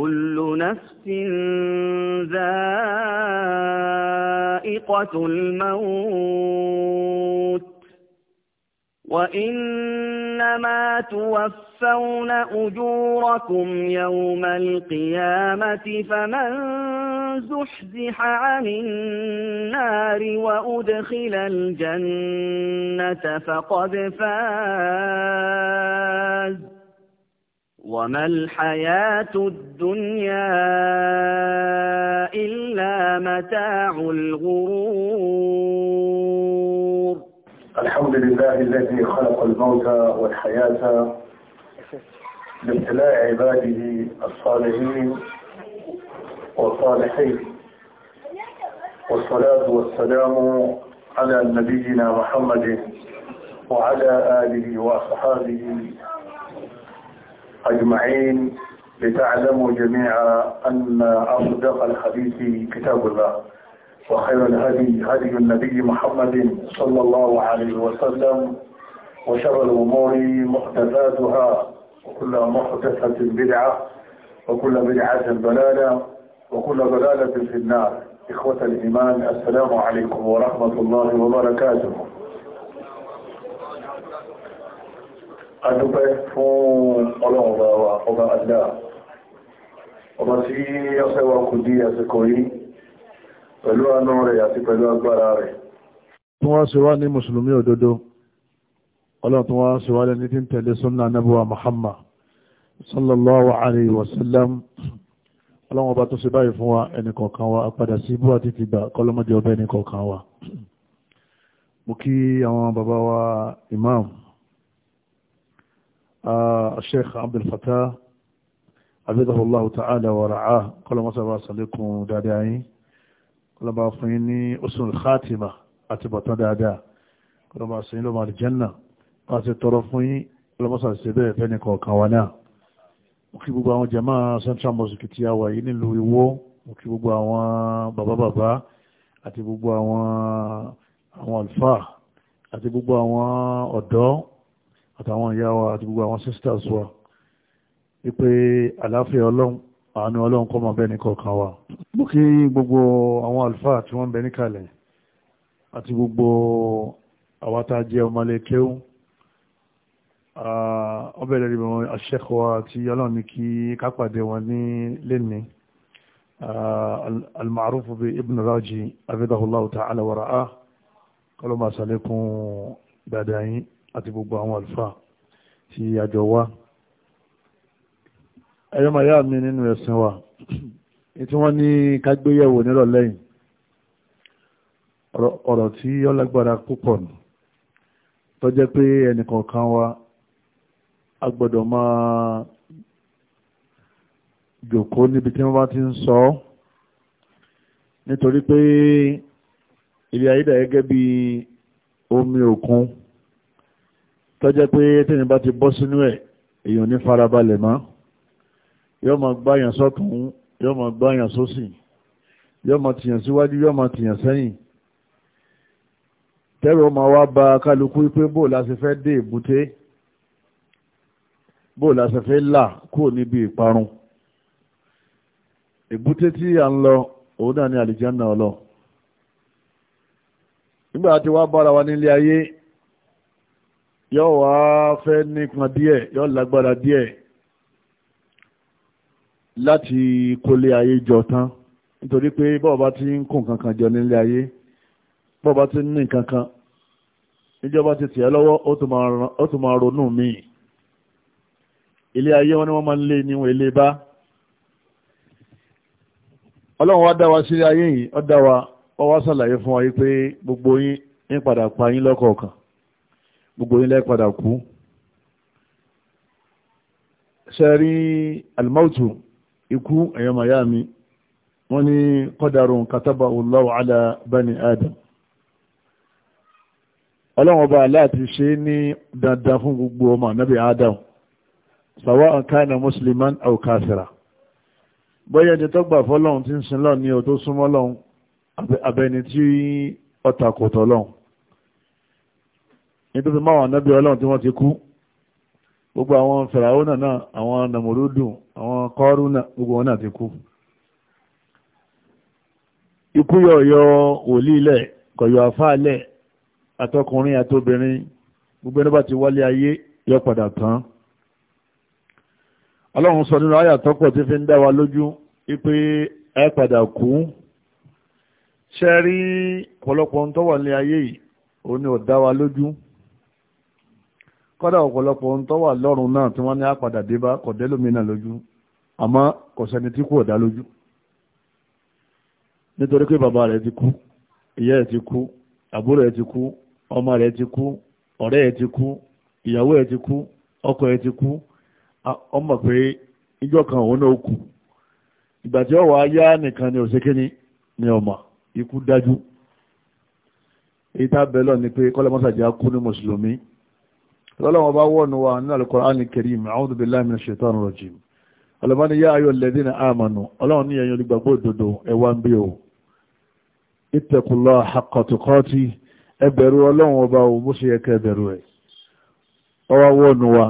كل نفس ذائقة الموت وإنما توفون أجوركم يوم القيامة فمن زحزح عن النار وأدخل الجنة فقد فاز وما الحياة الدنيا إلا متاع الغرور الحمد لله الذي خلق الموت والحياة لابتلاء عباده الصالحين والصالحين والصلاة والسلام على نبينا محمد وعلى آله وأصحابه أجمعين لتعلموا جميعا أن أصدق الحديث كتاب الله وخير الهدي هدي النبي محمد صلى الله عليه وسلم وشر الأمور محدثاتها وكل محدثة بدعة وكل بدعة ضلالة وكل ضلالة في النار إخوة الإيمان السلام عليكم ورحمة الله وبركاته adúpẹ́ fún ọlọ́run bá wa ọba àdá ọba tí ọ̀sẹ̀ wa kò dí àsìkò yìí pẹ̀lú àánú rẹ̀ àti pẹ̀lú agbára rẹ̀ tí wọ́n ṣe wá ní mùsùlùmí òdodo ọlọ́run tí wọ́n ṣe wá lẹ́ni tí ń tẹ̀lé súnnà anábúwa Muhammad sallallahu Alaihi Wasallam sallam ọlọ́run ọba tó ṣe báyìí fún wa ẹni kọ̀ọ̀kan wa apadà sí ibú àti tìgbà kọlọ́mọdé ọba ẹni kọ̀ọ̀kan wa mo kí àwọn bàbá wa imam الشيخ عبد الفتاح عبده الله تعالى ورعاه قال ما سبع صليكم دادعين قال ما فيني أسن الخاتمة أتبطن دادا قال ما سيني لما الجنة قال الطرفين قال ما سيبه فينك وكوانا mọ̀kí gbogbo àwọn jama central mosque ti àwà yìí nílùú Ìwó mọ̀kí gbogbo àwọn bàbá-bàbá àti gbogbo àwọn àlùfáà àtàwọn ìyá wa àti gbogbo àwọn sisters wa wípé àláfíà ọlọ́run àánú ọlọ́run kọ́ máa bẹ́ ní kọ̀ọ̀kan wa mú kí gbogbo àwọn àlùfáà tí wọ́n ń bẹ níkàlẹ̀ àti gbogbo àwa tá a jẹ́ ọmọlé kéwú ọbẹ̀rẹ̀ rí wọn àṣẹ́kọ̀ àti ọlọ́run ní kí kápàdé wọn ní lẹ́ni almarufu bi ibn raji abidahullahu ta'ala wara'a kọlọ́mà sàlékún dáadáa àti gbogbo àwọn àlùfáà tí àjọ wá ẹ̀yọ́ màá yá mi nínú ẹ̀sìn wa tí wọ́n ní kágbéyẹ̀wò nírọ̀lẹ́ yìí ọ̀rọ̀ tí ó lágbára púpọ̀ nù tó jẹ́ pé ẹnìkọ̀ọ̀kan wa a gbọ́dọ̀ máa jòkó níbi tí wọ́n bá ti ń sọ nítorí pé ilé ayé gẹ́gẹ́ bí omi òkun tọ́jẹ́ pé tẹ́ni bá ti bọ́ sínú ẹ̀ èèyàn ní farabalẹ̀ mọ́ yóò máa gbáyàn sọ́tún yóò máa gbáyàn sósì yóò máa tìyàn síwájú yóò máa tìyàn sẹ́yìn tẹ́rù ọmọ wa ba kálukú pé bó la ṣe fẹ́ dé èbúté bó la ṣe fẹ́ là kúrò níbi ìparun èbúté tí a ń lọ òun náà ni àlìjánná ọlọ nígbà tí wàá bára wa nílé ayé yóò wá fẹ́ nípọn díẹ̀ yóò lágbára díẹ̀ láti kólé ayé jọ tán nítorí pé bọ́ọ̀bá ti ń kó jọ nílé ayé bọ́ọ̀bá ti ń ní ti tẹ̀ ẹ́ lọ́wọ́ ó tún máa ronú míì ilé ayé wọn ni wọ́n máa ń lé níwọ̀n ilé bá ọlọ́run wá dá wa ayé yìí dá wa fún wa yìí pé gbogbo yín padà pa gbogbo yín lẹ padà kú ṣẹ́rí almautu ikú ẹ̀yọ miami wọ́n ní qadarun kataba Allahu ala bani adam ọlọ́wọ́n bá láti ṣe ní dandan fún gbogbo ọmọ nabi adam sawa'an kana musliman aw kafira bọ́yẹ̀ ẹni tó gbà fọ́lọ́hun tí ń sin ní o tó súnmọ́ abẹni tí ọtakòtọ̀ lọ́hun nítorí máa wọn nábí ọlọ́run tí wọ́n ti kú gbogbo àwọn fìràwọ́nà náà àwọn nàmúrúdù àwọn kọ́rúnà gbogbo wọn náà ti kú ikú yọ̀ọ̀yọ̀ wòlílẹ̀ kọ̀yọ̀ àfáàlẹ̀ àtọkùnrin àtobìnrin gbogbo ẹni bá ti wálé ayé yọ padà tán ọlọ́run sọ nínú ayà tọ́pọ̀ tí fi ń dá wa lójú wípé ẹ padà kú ṣe rí ọ̀pọ̀lọpọ̀ ń tọ́wọ̀ ní ayé yìí òun ni ó dá wa lójú kọ́dà ọ̀pọ̀lọpọ̀ ohun tó wà lọ́rùn náà tí wọ́n ní àpàdà débá kò dé lómìnà lójú àmọ́ kò sẹ́ni tí lójú nítorí pé bàbá rẹ̀ ti kú ìyá ẹ̀ ti kú àbúrò ẹ̀ ti kú ọmọ rẹ̀ ti kú ọ̀rẹ́ ẹ̀ ti kú ìyàwó ẹ̀ ti kú ti kú ọmọ pé ni òṣèkéni ni ọmọ ikú dájú bẹ́ẹ̀ lọ ni lọ́lọ́wọ́ bá wọ́nu ní al-Qur'an al-Karim a'udhu billahi minash shaitani rajim ya yá ayọ̀ alladhina amanu ọlọ́run ní ẹ̀yin olùgbàgbọ́ òdodo ẹ̀wà ń bí o ittaqullaha haqqa tuqati ẹbẹ̀rù ọlọ́run ọba o bó ṣe yẹ kẹ́ ẹbẹ̀rù ẹ̀ ọwọ́ wọ́nu wa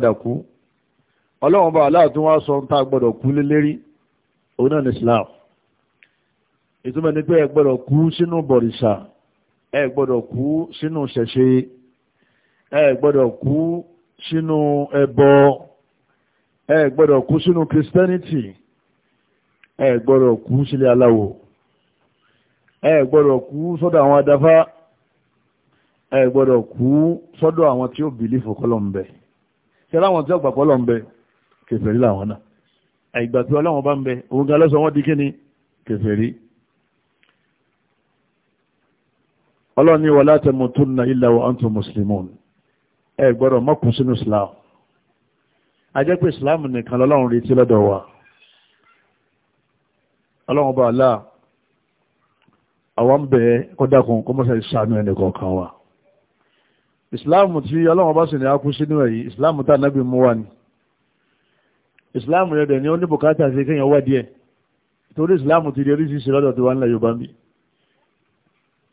wala ọlọ́run bá aláà tó wá sọ ń tá gbọ́dọ̀ kú lélérí òun náà ní islam ìtumọ̀ ní pé ẹ gbọ́dọ̀ kú sínú bọ̀rìṣà ẹ gbọ́dọ̀ kú sínú ṣẹ̀ṣe ẹ gbọ́dọ̀ kú sínú ẹbọ ẹ gbọ́dọ̀ kú sínú christianity ẹ gbọ́dọ̀ kú sílé aláwo ẹ gbọ́dọ̀ kú sọ́dọ̀ àwọn adáfá ẹ gbọ́dọ̀ kú sọ́dọ̀ àwọn tí ó bìlífò kọ́lọ̀ ń bẹ ṣe láwọn tí ó gbà ń bẹ kèfèrí làwọn náà àìgbà tí ọlọ́wọ́n bá ń bẹ òun gan lọ́sọ wọ́n di kí ni kèfèrí ọlọ́run ní wala tamutunna illa wa antum muslimun ẹ gbọ́dọ̀ mọ́kùn sínú islam ajẹ́ pé islam nìkan lọ́lọ́run retí lọ́dọ̀ wa ọlọ́run bá aláà àwọn bẹ̀ẹ́ kọ́dákun kọ́mọ́sẹ̀ ìṣàánú ẹnì kọ̀ọ̀kan wa islam tí ọlọ́run bá sì ní akú sínú èyí islam tá nábì mú wa ni islam rẹ̀ dẹ̀ ni ó ní bùkátà sí kéèyàn wá díẹ̀ torí islam ti di oríṣiríṣi lọ́dọ̀ tí wà ń lẹ̀ yorùbá ń bì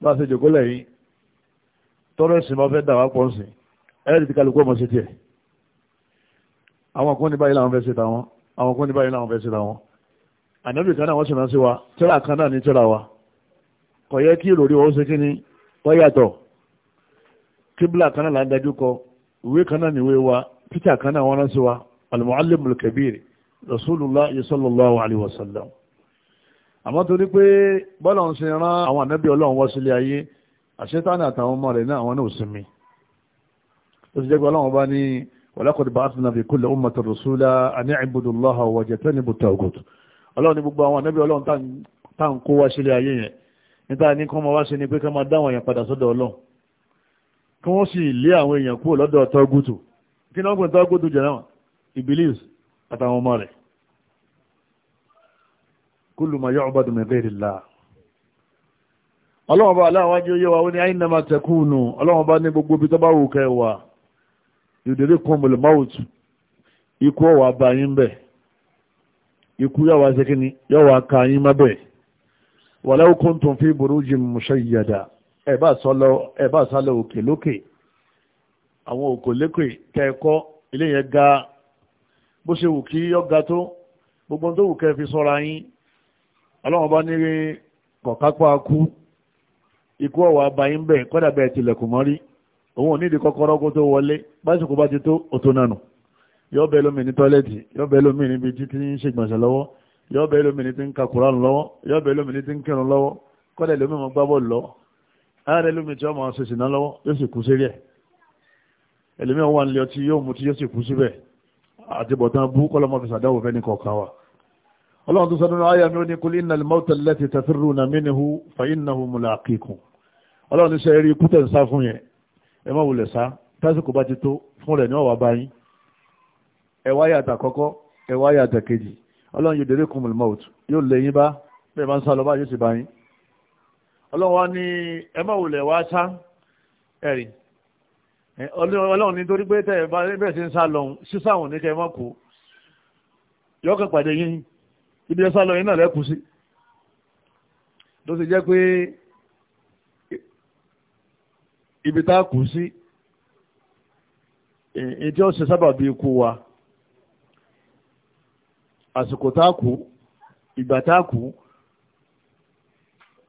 bá a ṣe jòkó lẹ́yìn tọ́rọ ìsìn máa fẹ́ dà wá pọ̀ sí ẹ̀rì tí kálukú ọmọ sí tiẹ̀ àwọn kan ní báyìí làwọn fẹ́ ṣe tàwọn àwọn kan ní báyìí làwọn fẹ́ ṣe tàwọn ànábì kan náà wọ́n sì máa wa tíra kan náà ní tíra wa kò yẹ kí ìròrí wọn ó ṣe kí ni wọ́n yàtọ̀ kíbla kan náà là ń dájú kọ ìwé kan náà níwé wa títà kan náà wọ́n rán sí wa al-muallim al-kabir rasulullah sallallahu alayhi wa sallam àmọ́ torí pé bọ́lọ̀ ń ṣe rán àwọn ànábì ọlọ́run wá sílé ayé àṣetánì àtàwọn ọmọ rẹ̀ náà àwọn náà sinmi ó ti jẹ́ pé ọlọ́run bá ní walaqad ba'athna fi kulli ummatin rasula an i'budu Allaha wajtanibu at-taghut ọlọ́run ní gbogbo àwọn ànábì ọlọ́run tá ń kó wá sílé ayé yẹn níta ní kọ́ máa wá sí ni pé ká máa dáwọn èèyàn padà sọ́dọ̀ ọlọ́run kí wọ́n sì lé àwọn èèyàn kúrò lọ́dọ̀ tọ́gùtù kí náà gbọ́n tọ́gùtù jẹ́ náà Ibilis àtàwọn ọmọ rẹ̀ kullu ma yu'badu min ghayri Allah ọlọ́wọ́n bá aláwájú yẹ́ wa ó ní aynama takunu ọlọ́wọ́n bá ní gbogbo bí tọ́bá wù kẹwà yudrikumul mawt ikú ọwà bá yín bẹ̀ ikú yọ́wà sẹ́kíní yọ́wà ká yín má bẹ̀ walau kuntum àwọn òkò lékè kẹ́ẹ̀kọ́ ilé yẹn ga bó ṣe wù kí ọ̀gá tó gbogbo tó wù kẹ́ fi sọ́ra yín ọlọ́run bá ní kọ̀kápá kú ikú ọ̀wà abayín bẹ̀ kọ́dà bẹ́ẹ̀ tilẹ̀kùn mọ́rí òun ò nídìí kọ́kọ́rọ́ kó tó wọlé básìkò bá ti tó òtó nànù yọ́ bẹ́ẹ̀ lómi ní tọ́lẹ́tì yọ́ bẹ́ẹ̀ lómi níbi títí ń ṣègbọ̀nsẹ̀ lọ́wọ́ yọ́ bẹ́ẹ̀ lómi ní ti ń ka kuran lọ́wọ́ yọ́ bẹ́ẹ̀ lómi ní ti ń kírun lọ́wọ́ kọ́dà lómi mọ́ gbá bọ́ọ̀lù ààrẹ lómi tí wọ́n máa ṣe lọ́wọ́ yóò sì kú sílẹ̀ ẹlòmíràn wà nílẹ̀ ọtí yóò mutí yóò sì kú síbẹ̀ àtibọ̀tán bú kọ́lọ́mọ́ fi sàdáwò fẹ́ ní kọ̀ọ̀kan wa ọlọ́run tó sọ́dún ayà mi ó ní kul innal mawta allati tafirruna minhu fa innahu mulaqikum ọlọ́run ní sẹ́rí kútẹ̀ ń sá fún yẹn ẹ má wulẹ̀ sá tásìkò bá ti tó fún rẹ̀ ní ọ̀wà báyìí ẹ wá yàtà kọ́kọ́ ẹ wá yàtà kejì ọlọ́run yudrikumul mawt yóò lè yín bá bẹ́ẹ̀ máa ń sá lọ bá yóò sì bá ọlọ́run wá ní ẹ má wulẹ̀ wá sá ẹ̀rìn Eh, ọlọ́run nítorí pé tẹ̀ bẹ́ẹ̀ sí ń sá lọ sísáwọn ní kẹ́ mọ́ kó yọ́kàn pàdé yín ibi ẹ sá lọ yín náà lẹ́kù sí tó sì jẹ́ pé ibi tá a kù sí ìdí ọ̀sẹ̀ sábà bí ikú wa àsìkò tá a kú ìgbà tá a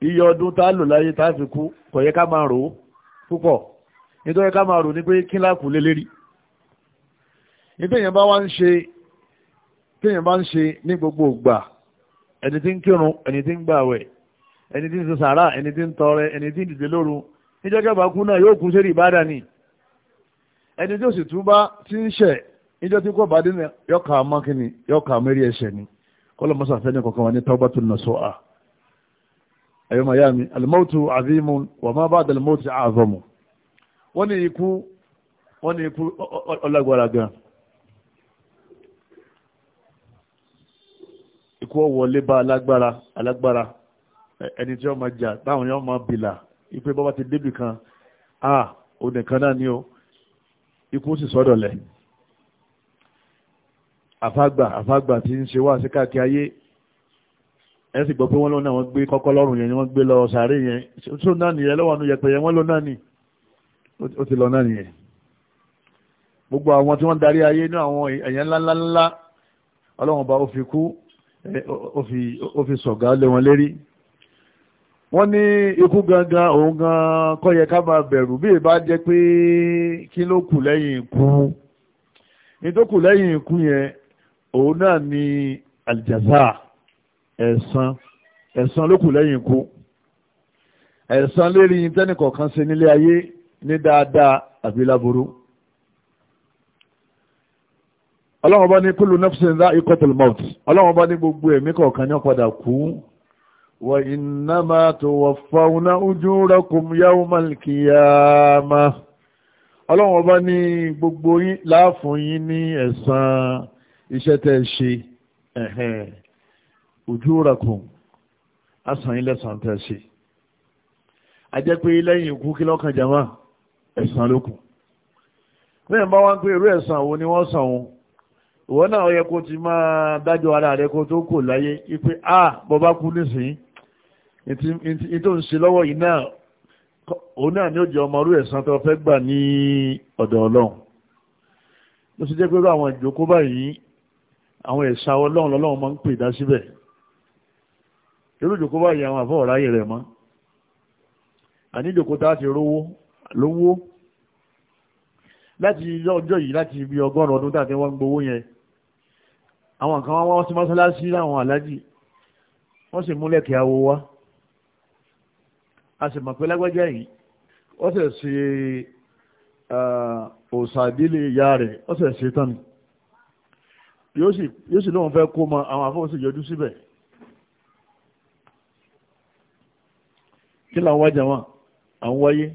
iye ọdún tá lò láyé tá fi kú kò ká máa rò ó púpọ̀ nítorí ká máa rò ní pé kí láàkù lé lérí ní téèyàn bá wá ń ṣe téèyàn bá ń ṣe ní gbogbo ìgbà ẹni tí ń kírun ẹni tí ń gbààwẹ̀ ẹni tí ń ṣe sàárà ẹni tí ń tọrẹ ẹni tí ń dìde lóru níjọ́ kẹfà kú náà yóò kú sí ìbádà ni ẹni tí ó sì túbá tí ń ṣẹ̀ níjọ́ tí kò bá dé ní yọkà amákinni yọkà amérí ẹ̀ṣẹ̀ ni kọlọmọsà fẹ́ ní kankan wa ní tawbatun nasuha ẹ̀yọ́ mayami al-mautu azimun wa ma ba'da al-mauti wọ́n ní ikú wọ́n ní ikú ọlágbára gan ikú ọwọlé bá alágbára alágbára ẹni tí wọ́n máa jà táwọn yóò máa bìlà ipe bọ́bá ti débì kan a ò nìkan náà ni ó ikú sì sọ́dọ̀lẹ̀ àfágbà àfágbà tí ń ṣe wá sí káàkiri ayé ẹ gbọ́ pé wọ́n lọ́nà wọ́n gbé kọ́kọ́ lọ́rùn yẹn wọ́n gbé lọ sàárè yẹn tó náà nìyẹn lọ́wọ́ àánú yẹpẹ̀yẹ wọ́n lọ́nà nìyẹn ó ti lọ náà nìyẹn gbogbo àwọn tí wọ́n darí ayé ní àwọn èèyàn ńláńláńlá ọlọ́run bá ó fi kú ó fi sọ̀gá lé wọn lérí wọ́n ní ikú gangan òun gan kò yẹ ká máa bẹ̀rù bí ìbá jẹ́ pé kí ló kù lẹ́yìn ikú ní lẹ́yìn ikú yẹn òun náà ni àlìjàzá ẹ̀san ẹ̀san ló kù lẹ́yìn ikú ẹ̀san lérí tẹ́nìkọ̀ọ̀kan ṣe nílé ayé ní dáadáa àbí láburú ọlọ́run bá ní kullu nafsin dha'iqatul maut ọlọ́run bá ní gbogbo ẹ̀mí kọ̀ọ̀kan ní padà kú wa innama tuwaffawna ujurakum yawmal qiyamah ọlọ́run ọba ní gbogbo yín láàfún yín ní ẹ̀san iṣẹ́ tẹ́ ṣe ẹ̀hẹ́n ujurakum asàn yín lẹ́san tẹ́ ṣe a jẹ́ pé lẹ́yìn ikú kí lọ́kàn jama ẹ̀san ló kù bẹ́ẹ̀ bá wọ́n pé irú ẹ̀san wo ni wọ́n san òun ìwọ náà yẹ kó ti máa dájọ́ ara rẹ kó tó kò láyé ipé a bọ́ bá kú nísìnyí ní tó ń ṣe lọ́wọ́ yìí náà òun náà ni ó jẹ ọmọ irú ẹ̀san tó fẹ́ gbà ní ọ̀dọ̀ ọlọ́run ló ti jẹ́ pé àwọn ìjókòó báyìí àwọn ẹ̀ṣà ọlọ́run lọ́lọ́run máa ń pè dá síbẹ̀ irú ìjókòó báyìí àwọn àfọwọ́ráyè rẹ̀ mọ́ àníjòkó tá a ti rówó lówó láti ọjọ́ yìí láti ibi ọgọ́rùn ọdún tàbí wọ́n gbowó yẹn àwọn kan wọ́n sí mọ́sálásí láwọn alájì wọ́n sì múlẹ̀ kí awo wá a sì mọ̀ pé lágbájá yìí ó sì ṣe òsàdílé ìyá rẹ̀ ó sì ṣe tán yóò sì lóun fẹ́ kó mọ àwọn afọ́ sì yọjú síbẹ̀ kí làwọn wájà wọn àwọn wáyé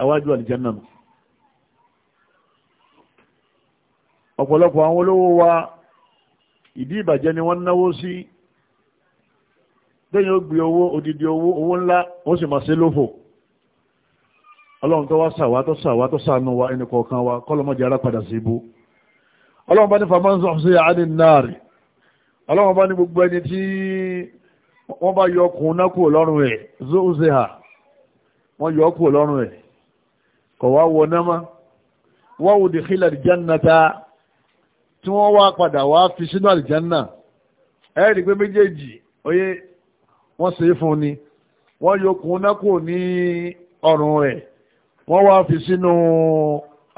àwájú àlìjánà nù ọ̀pọ̀lọpọ̀ àwọn olówó wa ìdí ìbàjẹ́ ni wọ́n náwó sí lẹ́yìn ó gbé owó odidi owó owó ńlá wọ́n sì máa ṣe lófò ọlọ́run tó wá sàwá tó sàwá tó sànú wa ẹnì kọ̀ọ̀kan wa kọ́lọ́mọ́jẹ́ ara padà sí wọ́n bá yọ ọkùnrin náà kúrò lọ́rùn ẹ̀ zóòzè wọ́n yọ ọkùnrin lọ́rùn ẹ̀ kọ̀ wá wọ náà wọ́n wò dìkílẹ̀ àlìjánná ta tí wọ́n wá padà wá fi sínú àlìjánná ẹ rí i pé méjèèjì oyè wọ́n ṣe é fún ni wọ́n yọkùn náà kò ní ọrùn rẹ̀ wọ́n wá fi sínú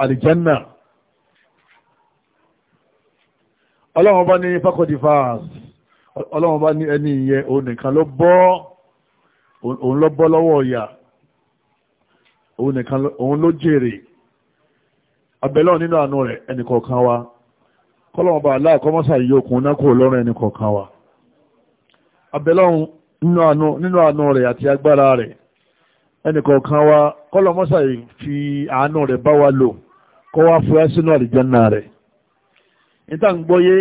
àlìjánná. ọlọ́run bá ní fákọ̀dì ọlọ́run bá ní ẹni ìyẹn òun nìkan ló bọ́ òun ló bọ́ lọ́wọ́ ìyà òun nìkan òun ló jèrè abẹ́lọ́ nínú àánú rẹ̀ ẹnìkọ̀ọ̀kan wa kọ́lọ́mọba aláàkọ́mọ́sà yìí okùn náà kò lọ́rùn ẹnìkọ̀ọ̀kan wa abẹ́lọ́ nínú àánú rẹ̀ àti agbára rẹ̀ ẹnìkọ̀ọ̀kan wa kọ́lọ́mọ́sà yìí fi àánú rẹ̀ bá wa lò kọ́ wa fúra sínú àlìjànnà rẹ̀ níta ń gbọ́yé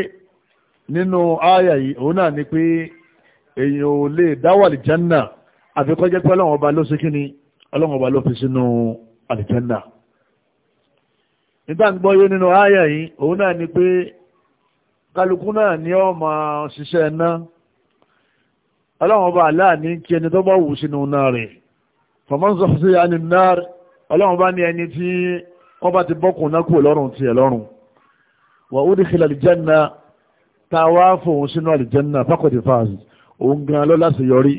nínú ááyà yìí òun náà ni pé èèyàn ò lè dáwà àlìjànnà àfikọ́jẹ́ pẹ́lú ọba ló ni ọlọ́run ọba ló fi sínú àlìjẹ́ndà nígbà gbọ́ yé nínú àyà yìí òun náà ni pé kálukú náà ni ó máa ṣiṣẹ́ iná ọlọ́run ọba aláàní kí ẹni tó bá wù sínú náà rẹ̀ fọmọ́nsọ́ sí àní náà ọlọ́run bá ní ẹni tí wọ́n bá ti bọ́kùn náà kú lọ́rùn tiẹ̀ lọ́rùn wà ó dì sílẹ̀ àlìjẹ́ndà tá fòun sínú àlìjẹ́ndà fákọ̀tì fáàsì òun gan lọ́lá sí yọrí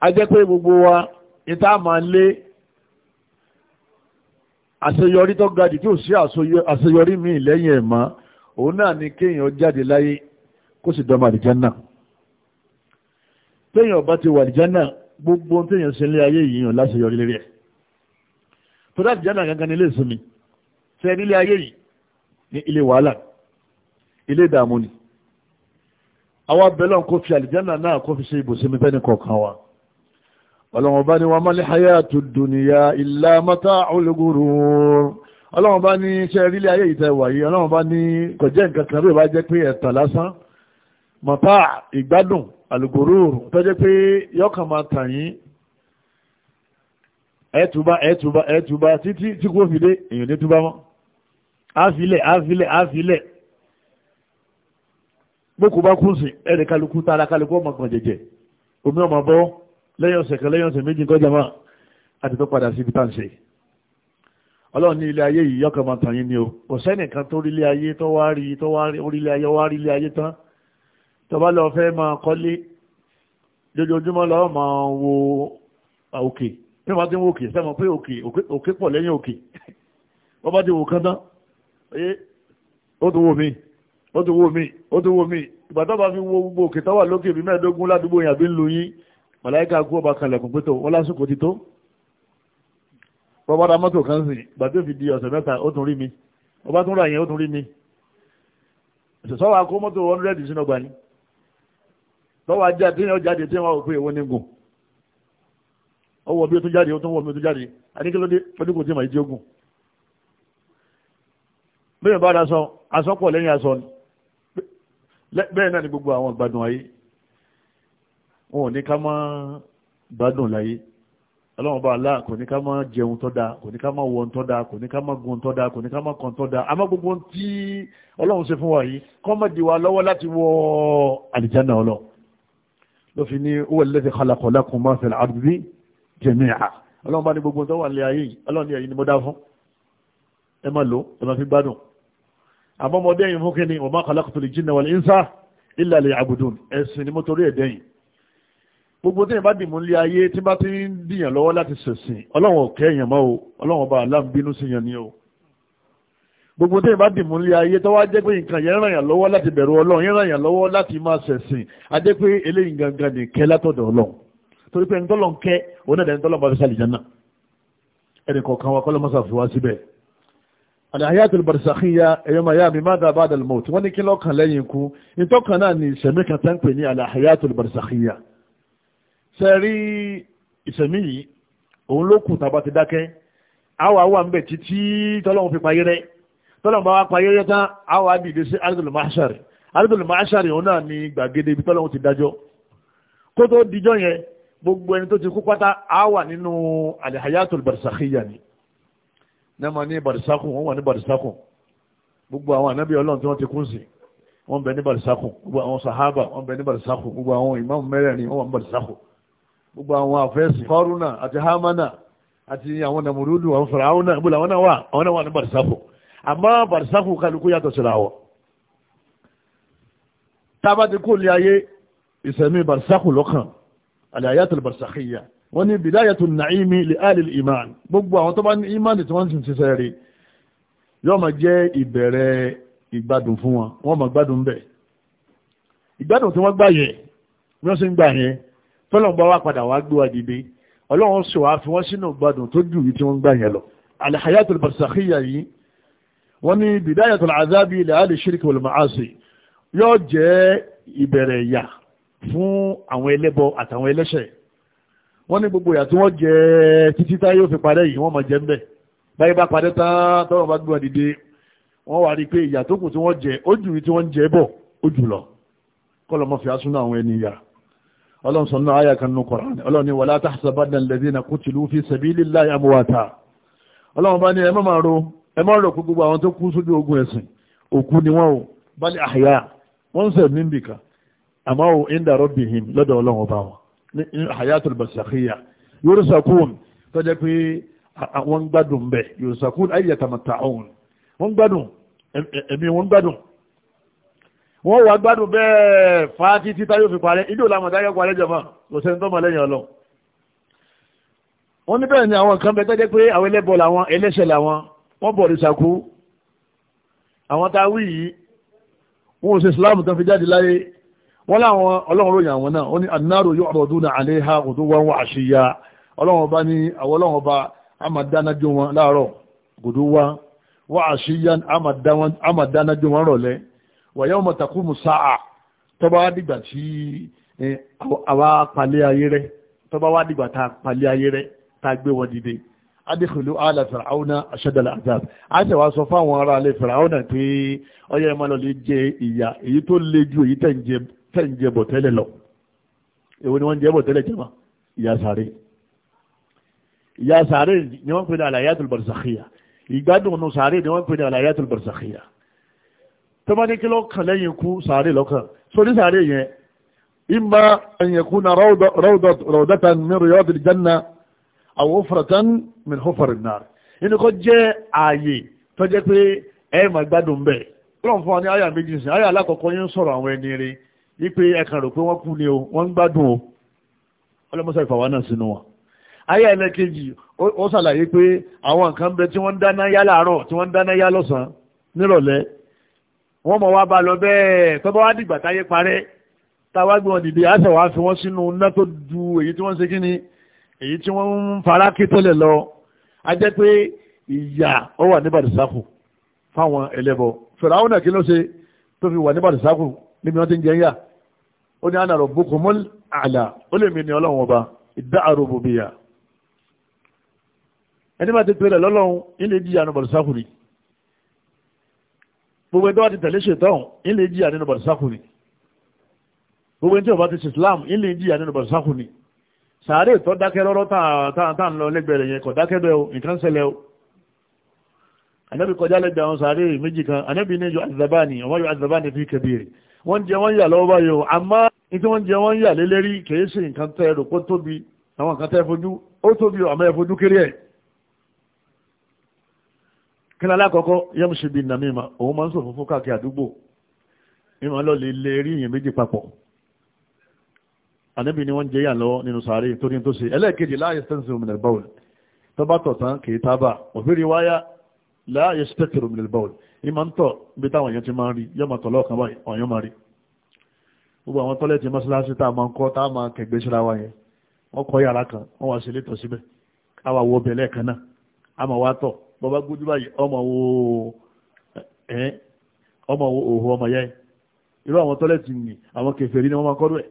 a jẹ́ pé gbogbo wa ìta máa lé àṣeyọrí tó ga jù tí ò sí àṣeyọrí míì lẹ́yìn ẹ̀ òun náà ni kéèyàn jáde láyé kó sì dọ́mọ àlìjánà téèyàn bá ti wà àlìjánà gbogbo téèyàn ṣe lé ayé yìí yàn láṣeyọrí lérí ẹ̀ tó dá àlìjánà gangan ní ilé ìsinmi ṣe nílé ayé yìí ní ilé wàhálà ilé ìdààmú ni àwa bẹ́lọ̀ kó fi àlìjánà náà kó fi ṣe ibùsùn mi fẹ́ni kọ̀ọ̀kan wa ọlọ́run bá ní wa mal hayatud dunya illa mata'ul ghurur ọlọ́run bá ní iṣẹ́ rílé ayé ìtẹ̀wà yìí ọlọ́run bá ní kò jẹ́ nǹkan kan bí ó bá jẹ́ pé ẹ̀tàn lásán mọ̀tá ìgbádùn al-ghurur tó jẹ́ pé yọ́kàn máa tàn yín ẹ̀tùbá ẹ̀tùbá ẹ̀tùbá títí kò fi èèyàn ní túbá mọ́ áfilẹ̀ áfilẹ̀ áfilẹ̀ gbókùbá kùsì ẹ̀rẹ̀ kálukú tara lẹ́yìn ọ̀sẹ̀ kan lẹ́yìn ọ̀sẹ̀ méjì kọjá máa àti tó padà sí ibi tá à ń ṣe ọlọ́run ní ilé ayé yìí yọ́kàn máa tàn yín ni o kò sẹ́nìkan tó rí ilé ayé tó wá rí tó wá rí orí ilé ayé wá rí ilé ayé tán tó bá lọ fẹ́ máa kọ́lé lójoojúmọ́ lọ́wọ́ máa wo òkè tí wọ́n ti ń wo òkè sẹ́wọ̀n pé òkè òkè pọ̀ lẹ́yìn òkè wọ́n bá ti wò kán tán ẹ ó ti wò mí ó ti wò mí ó ti wò mí ìgbà tó bá fi wo gbogbo òkè tó wà lókè bí mẹ́ẹ̀ẹ́dógún ládùúgbò yàbí ń lu yín màláìka kú ọba kan lẹ̀kùn pétó wọ́n lásìkò ti tó bọ́bá ra mọ́tò kan sì gbà tó fi di ọ̀sẹ̀ mẹ́ta ó tún rí mi ọba tún rà yẹn ó tún rí mi ìṣẹ̀sọ́ wa kó mọ́tò one hundred sínú ọgbà ni lọ́wọ́ ajá tí yẹn jáde tí wọ́n wò pé èwo ni gùn ó wọ bí ó tún jáde ó tún wọ bí ó tún jáde àníkélódé pẹ̀lúkù tí mà í di ogun bẹ́ẹ̀ bá ra aṣọ aṣọ pọ̀ lẹ́yìn aṣọ bẹ́ẹ̀ náà ni gbogbo àwọn ìgbádùn ayé wọn ò ní ká má gbádùn láyé ọlọ́run bá aláà kò ní ká má jẹun tó dáa kò ní ká má wọ̀n tó dáa kò ní ká má gun tó dáa kò ní ká má kàn tó dáa àmọ́ gbogbo tí ọlọ́run ṣe fún wa yìí kọ́ má di wa lọ́wọ́ láti wọ àlìjáná ọlọ́ ló fi ní huwa alladhi khalaqa lakum ma fil ardi jami'a ọlọ́run bá ní gbogbo tó wà ní ayé yìí ọlọ́run ní ayé ni mo dá fún ẹ má lò ẹ má fi gbádùn àmọ́ ọmọdé yìí fún kí ni wa ma khalaqtu al jinna wal insa illa liya'budun ẹ̀sìn ni mo torí ẹ̀dẹ́yìn gbogbo tí ìbá dìmú lé ayé tí bá ti ń dìyàn lọ́wọ́ láti ṣẹ̀sìn ọlọ́run ọ̀kẹ́ èèyàn mọ́ o ọlọ́run ọba aláàbínú sí yẹn ni o gbogbo tí ìbá dìmú lé ayé tó wá jẹ́ pé nǹkan yẹn ràn yàn lọ́wọ́ láti bẹ̀rù ọlọ́run yẹn ràn yàn lọ́wọ́ láti máa ṣẹ̀sìn adé pé eléyìí gangan nìkẹ́ látọ̀dọ̀ ọlọ́run torí pé ntọ́lọ́n kẹ́ onídàáni tọ́lọ́n bá fi sálì jẹ́nà ẹnì kọ̀ọ̀kan wa kọ́lọ́ mọ́sá fi wá síbẹ̀ al-hayatul barzakhiya ẹ̀yọ́ máa yá mi náà ṣe rí ìṣẹ̀mí yìí òun ló kù tàbá ti dákẹ́ àwa wà ń bẹ̀ títí tọ́lọ́run fi payé rẹ̀ tọ́lọ́run bá wá payé rẹ̀ tán àwa dìde sí ardul mahshar ardul mahshar òun náà ni gbàgede ibi tọ́lọ́run ti dájọ́ kó tó dijọ́ yẹn gbogbo ẹni tó ti kú pátá àwa nínú alihayatul barisakhiya ni náà máa ní barisakun wọ́n wà ní barisakun gbogbo àwọn ànábì ọlọ́run tí wọ́n ti kún sí wọ́n bẹ ní barisakun gbogbo àwọn sahaba wọ́n bẹ ní barisakun gbogbo àwọn imam mẹ́rẹ̀ẹ̀rin wọ́n wà ní barisakun gbogbo àwọn àfẹ́sì kọ́rùnà àti hamana àti àwọn nàmúrúdù àwọn fẹ̀rẹ̀ àwọn náà gbọ́dọ̀ àwọn náà wà àwọn náà wà ní bàrìsáfù àmọ́ bàrìsáfù kálukú yàtọ̀ síra wọ̀ tába ti kú lé ayé ìsẹ̀mí bàrìsáfù lọ́kàn àlàyàtọ̀ bàrìsáfìyà wọ́n ní bìdáyàtọ̀ nàìmí lè àlè ìmán gbogbo àwọn tó bá ní ìmán tí wọ́n ti ṣiṣẹ́ rí yóò máa jẹ́ ìbẹ̀rẹ̀ ìgbádùn fún wọn wọ́n máa gbádùn bẹ́ẹ̀ ìgbádùn tí wọ́n gbà yẹn wọ́n ṣe ń gbà yẹn tọ́lọ̀ bá wá padà wá gbé wa dìde ọlọ́run sọ wá fi wọ́n sínú gbádùn tó jù yìí tí wọ́n gbà yẹn lọ alhayatul barsakhiya yìí wọ́n ní bidayatul azabi ilẹ̀ alẹ́ shirki wal ma'asi yóò jẹ́ ìbẹ̀rẹ̀ ìyà fún àwọn ẹlẹ́bọ àtàwọn ẹlẹ́ṣẹ̀ wọ́n ní gbogbo ìyà tí wọ́n jẹ títí tá yóò fi parẹ́ yìí wọ́n máa jẹ ń bẹ̀ báyìí bá parẹ́ tán tọ́rọ̀ bá gbé wa dìde wọ́n wá rí pé ìyà tó kù tí wọ́n jẹ ó jù tí wọ́n jẹ bọ̀ ó jù lọ kọ́lọ́mọ́ fi asúnà àwọn ẹni yàrá ọlọ́run sọ̀nà ayà kan ní Kùránì ọlọ́run ni wala tahsabanna alladhina qutilu fi sabilillahi amwata ọlọ́run bá ní ẹ má máa ro ẹ má rò gbogbo àwọn tó kú sójú ogun ẹ̀sìn òkú ni wọ́n o bal ahya wọ́n ń sẹ̀mí nìkà àmọ́ o inda rabbihim lọ́dọ̀ ọlọ́run ọba wọn ní hayatul barzakhiya yursakun tó jẹ́ pé wọ́n gbádùn bẹ́ẹ̀ yursakun ay yatamatta'un wọ́n gbádùn ẹ̀mí wọ́n gbádùn wọ́n wà gbádùn bẹ́ẹ̀ fàájí títà yóò fi parẹ́ ìdí òlàmọ̀dá yóò parẹ́ jọmọ́ kò sẹ́ni tó mọ̀ lẹ́yìn ọlọ́ wọ́n níbẹ̀ ni àwọn nǹkan bẹ tẹ́jẹ́ pé àwọn ẹlẹ́bọ̀ làwọn ẹlẹ́ṣẹ̀ làwọn wọ́n bọ̀ ìṣàkú àwọn tá a wí yìí wọn ò ṣe Islam tó fi jáde láyé wọ́n láwọn ọlọ́run ròyìn àwọn náà ó ní anáàrò yóò ọ̀rọ̀ dúnà àlẹ́ ha òdó wọn wà àṣìyà ọlọ́run ọba ní àwọn ọlọ́run ọba a wọn láàárọ̀ òdó wa wà àṣìyà a wọn rọ̀lẹ́ wa yawma taqumu sa'a tọ́ba wá dìgbà tí àwa palẹ̀ ayé rẹ̀ tọ́ba wá dìgbà tá a palẹ̀ ayé rẹ̀ tá a gbé wọn dìde adékòló àlà fìràwọ́nà aṣọ́dàlà azab àti àwọn sọ fáwọn ará alẹ́ fìràwọ́nà pé ọyẹ́ ẹ̀ma lọ lè jẹ ìyà èyí tó le ju èyí tẹ̀ ń jẹ bọ̀ lọ èwo ni wọ́n ń jẹ bọ̀ tẹ́lẹ̀ jẹ́ma sáré ìyà sáré ni wọ́n pè ní àlàyé àtúlbàrṣàkìyà ìgbádùn nù sáré ni wọ́n pè ní àlàyé àtúlbàrṣàkìyà tó bá ní kí ló kàn lẹ́yìn ikú sàárè lọ́kàn sórí sàárè yẹn ìmọ̀ ẹ̀yẹ̀kú na rọ́ọ̀dọ́ta mìíràn janna àwọn òfuratan min hófarin náà inú kọ́ jẹ́ ààyè tó jẹ́ pé ẹ máa gbádùn bẹ́ẹ̀ lọ́n fún wa ní àyà méjì sí àyà alákọ̀ọ́kọ́ yín sọ̀rọ̀ àwọn ẹni rí wípé ẹ̀kan rò pé wọ́n kú ni o wọ́n ń gbádùn o ọlọ́mọsá ìfàwọ́ náà sínú wọn àyà ẹlẹ́kejì ó ṣàlàyé pé àwọn nǹkan bẹ tí wọ́n ń dáná yá láàárọ̀ tí wọ́n ń dáná yá nírọ̀lẹ́ wọ́n mọ̀ wá bá lọ bẹ́ẹ̀ tọ́bọ́ wá dìgbà táyé parẹ́ táwa gbé wọn dìde àṣà wàá fi wọ́n sínú ná tó ju èyí tí wọ́n ṣe kíni èyí tí wọ́n ń fara kí tẹ́lẹ̀ lọ a jẹ́ pé ìyà ó wà ní bàdìsákù fáwọn ẹlẹ́bọ Fìràwọn náà kí ló ṣe tó fi wà ní bàdìsákù níbi wọ́n ti ń jẹ yà ó ní àná rọ̀ bukú mọ́l àlà ó lè mi ní ọlọ́run ọba ìdá àròbòbìyà ẹni bá ti pèrè lọ́lọ́run ilé ìdíyà ní bàdìsákù rí gbogbo ẹni tó bá ti tẹ̀lé ṣètọ́hùn ilé jìyà nínú bọ̀dùsákù ni gbogbo ẹni bá ti ṣe Islam ilé jìyà nínú bọ̀dùsákù ni sàárè tó dákẹ́ rọ́rọ́ táà ń lọ lẹ́gbẹ̀rẹ̀ yẹn kọ̀ dákẹ́ bẹ́ẹ̀ o nǹkan ṣẹlẹ̀ o ànábì kọjá lẹ́gbẹ̀ẹ́ àwọn sàárè méjì kan ànábì ní yọ àzàbáni ọmọ yọ àzàbáni fi kẹbìrì wọ́n jẹ wọ́n yà lọ́wọ́ báyìí o àmọ́ ní wọ́n jẹ wọ́n yà lélẹ́rí kìí ṣe nǹkan tẹ́ rò kó tóbi àwọn nǹkan tẹ́ fojú ó tóbi àmọ́ ẹ fojú kéré ẹ̀ kílá alákọ̀ọ́kọ́ yẹ́mùsí bíi nàmíma òun máa ń sọ fúnfún káàkiri àdúgbò ìmọ̀ lọ lè lè rí èèyàn méjì papọ̀ ànábì ni wọ́n jẹ́ yà lọ nínú sàárè tó ní tó ṣe ẹlẹ́ẹ̀kejì láàyè stẹ́ǹsì òmìnir bọ́ọ̀l tó bá tọ̀ tán kì í tábà òfin wáyá láàyè stẹ́ǹsì òmìnir bọ́ọ̀l ìmọ̀ ń tọ̀ bí táwọn èèyàn ti máa ń rí yọ́mọ tọ̀ bọ́bá gbójú báyìí ọmọ owó ọmọ wo òhun ọmọ yẹ́ irú àwọn tọ́lẹ̀tì ni àwọn kèfèrí ni wọ́n máa kọ́rù ẹ̀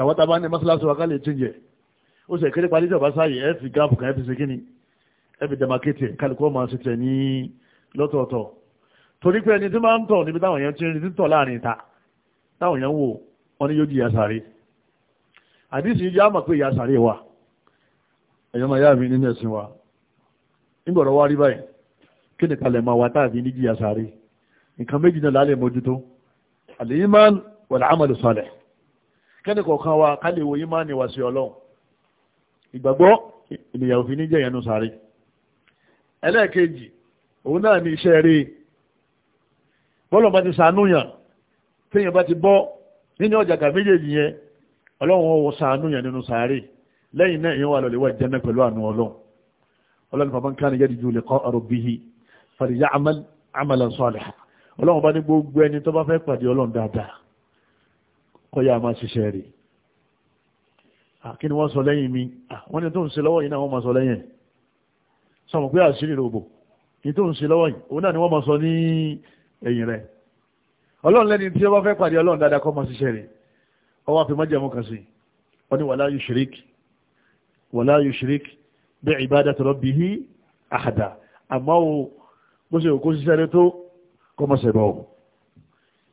àwọn tàbá ní mọ́sálásí wa ká lè tún jẹ ó sì kéré parí fi gáàpù kan fi sekí ni fi dẹmàkétì máa ṣe tẹ̀ ní lọ́tọ̀ọ̀tọ̀ torí pé nígbọ̀rọ̀ wá rí báyìí kí ni kalẹ̀ máa wá táàbí ní jìyà sáré nǹkan méjì náà lálẹ́ mójútó al-iman wal-amalu salih kẹ́ni kọ̀ọ̀kan wa ká lè wo ìmánì wá sí ọlọ́run ìgbàgbọ́ ènìyàn òfin ní jẹ̀yẹnu sáré ẹlẹ́ẹ̀kejì òun náà ni iṣẹ́ rí bọ́lọ̀ bá ti sàánúyàn téèyàn bá ti bọ́ nínú ọjàgà méjèèjì yẹn ọlọ́run ó sàánúyàn nínú sáré lẹ́yìn náà ìyẹn wà lọ́lẹ́wà jẹ́nà pẹ̀lú àánú ọlọ́run ọlọ́run bàbá kan yẹ́ dìjú lè kọ́ ọ̀rọ̀ bí i fàdíyà àmàlà sọ́ọ̀lẹ̀ ọlọ́run bá ní gbogbo ẹni tó bá fẹ́ pàdé ọlọ́run dáadáa kọ́ yá máa ṣiṣẹ́ rẹ̀ kí ni wọ́n sọ lẹ́yìn mi wọ́n ní tó ń ṣe lọ́wọ́ yìí náà wọ́n máa sọ lẹ́yìn sọmọ pé àṣírí rògbò ní tó ń ṣe lọ́wọ́ yìí òun náà ni wọ́n máa sọ ní ẹ̀yìn rẹ̀ ọlọ́run lẹ́ni tí ó fẹ́ pàdé ọlọ́run dáadáa kọ́ máa ṣiṣẹ́ rẹ̀ ọwọ́ àfi kan sí wọ́n ní wàlá yushrik wàlá yushrik bí ibadati rabbihi ahada àmọ́ o bó ṣe òkú ṣiṣẹ́ rẹ tó kọ́ mọ́ ṣẹbọ o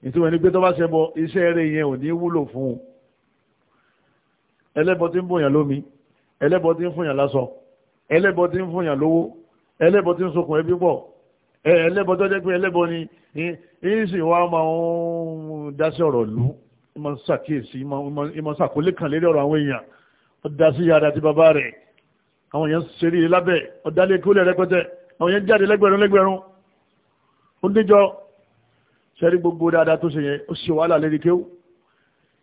nítorí wọn ni pé tó bá ṣẹbọ iṣẹ́ rẹ yẹn ò ní wúlò fún un ẹlẹ́bọ tí ń bòyàn lómi ẹlẹ́bọ tí ń fòyàn lásọ ẹlẹ́bọ tí ń fòyàn lówó ẹlẹ́bọ tí ń sokùn ẹbí pọ̀ ẹlẹ́bọ tó jẹ́ pé ẹlẹ́bọ ni ìsìn wa máa ń dásí ọ̀rọ̀ lù ìmọ̀ ṣàkíyèsí ìmọ̀ ṣàkólé kan lérí ọ̀rọ̀ àwọn èèyàn ó dásí yàrá ti bàbá rẹ̀ àwọn èèyàn ṣeré lábẹ́ ọ̀dálẹ̀ kólẹ̀ rẹpẹtẹ àwọn èèyàn jáde lẹ́gbẹ̀rún lẹ́gbẹ̀rún ó níjọ ṣẹ́rí gbogbo dáadáa tó ṣe yẹn ó ṣe wàhálà lérí kéwú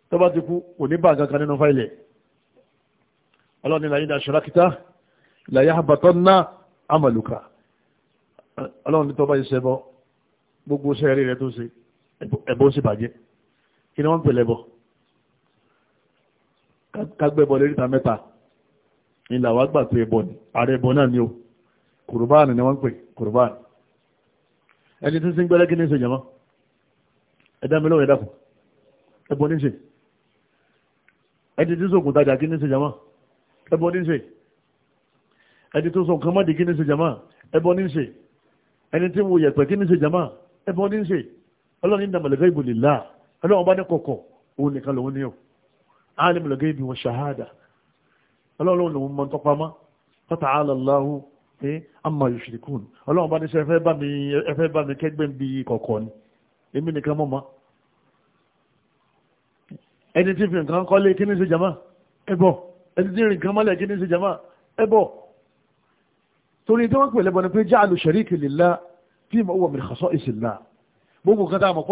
tó bá ti kú kò ní bá kankan nínú fáìlẹ̀ ọlọ́ni làyín dá ṣọ́rákítá làyá àbàtọ́ ná àmàlùkà ọlọ́run tó bá ṣe bọ́ gbogbo ṣẹ́rí rẹ tó ṣe ẹ̀bọ́ sì bàjẹ́ kí ni wọ́n ń pè lẹ́bọ̀ kágbẹ́bọ̀ lérí ta mẹ́ta ilà wá gbà pé ẹbọ ni ààrẹ ẹbọ náà ni ó kùrùbáàni ni wọ́n pè kùrùbáàni ẹni tí ń sin gbẹ́lẹ́kí ní ṣe jẹ́mọ́ ẹ̀dá mi lọ́wọ́ ẹ̀dá kù ẹbọ ní ṣe ẹni tí ń sòkùn tajà kí ní ṣe jẹ́mọ́ ẹbọ ní ṣe ẹni tó sọ̀kan mọ́dì kí ní ṣe jẹ́mọ́ ẹbọ ní ṣe ẹni tí ń yẹ̀pẹ̀ kí ní ṣe jẹ́mọ́ ẹbọ ní ṣe ọlọ́run ìdàmọ̀lẹ́gẹ́ ìbò lè láà ọlọ́run bá ní kọ̀kọ̀ òun nìkan lòun ní ọ̀ ọlọ́run lòun mọ́ tọpamọ́ tọ́ta aláàláhù pé a mọ̀ yòṣìkún ọlọ́run bá ní sẹ ẹfẹ́ bá mi kẹ́gbẹ́ bí kọ̀kọ̀ ni èmi nìkan mọ́ mọ́ ẹni tí fi nǹkan kọ́lé kí ní ṣe jama ẹbọ ẹni tí rìn kan mọ́lẹ̀ kí ní ṣe jama ẹbọ torí tí wọ́n pè lẹ́bọ̀ ni pé já àlù ṣẹ̀ríkì lillah fi mọ̀ wọ̀ mìíràn sọ ìṣìlá gbogbo kan tá a mọ̀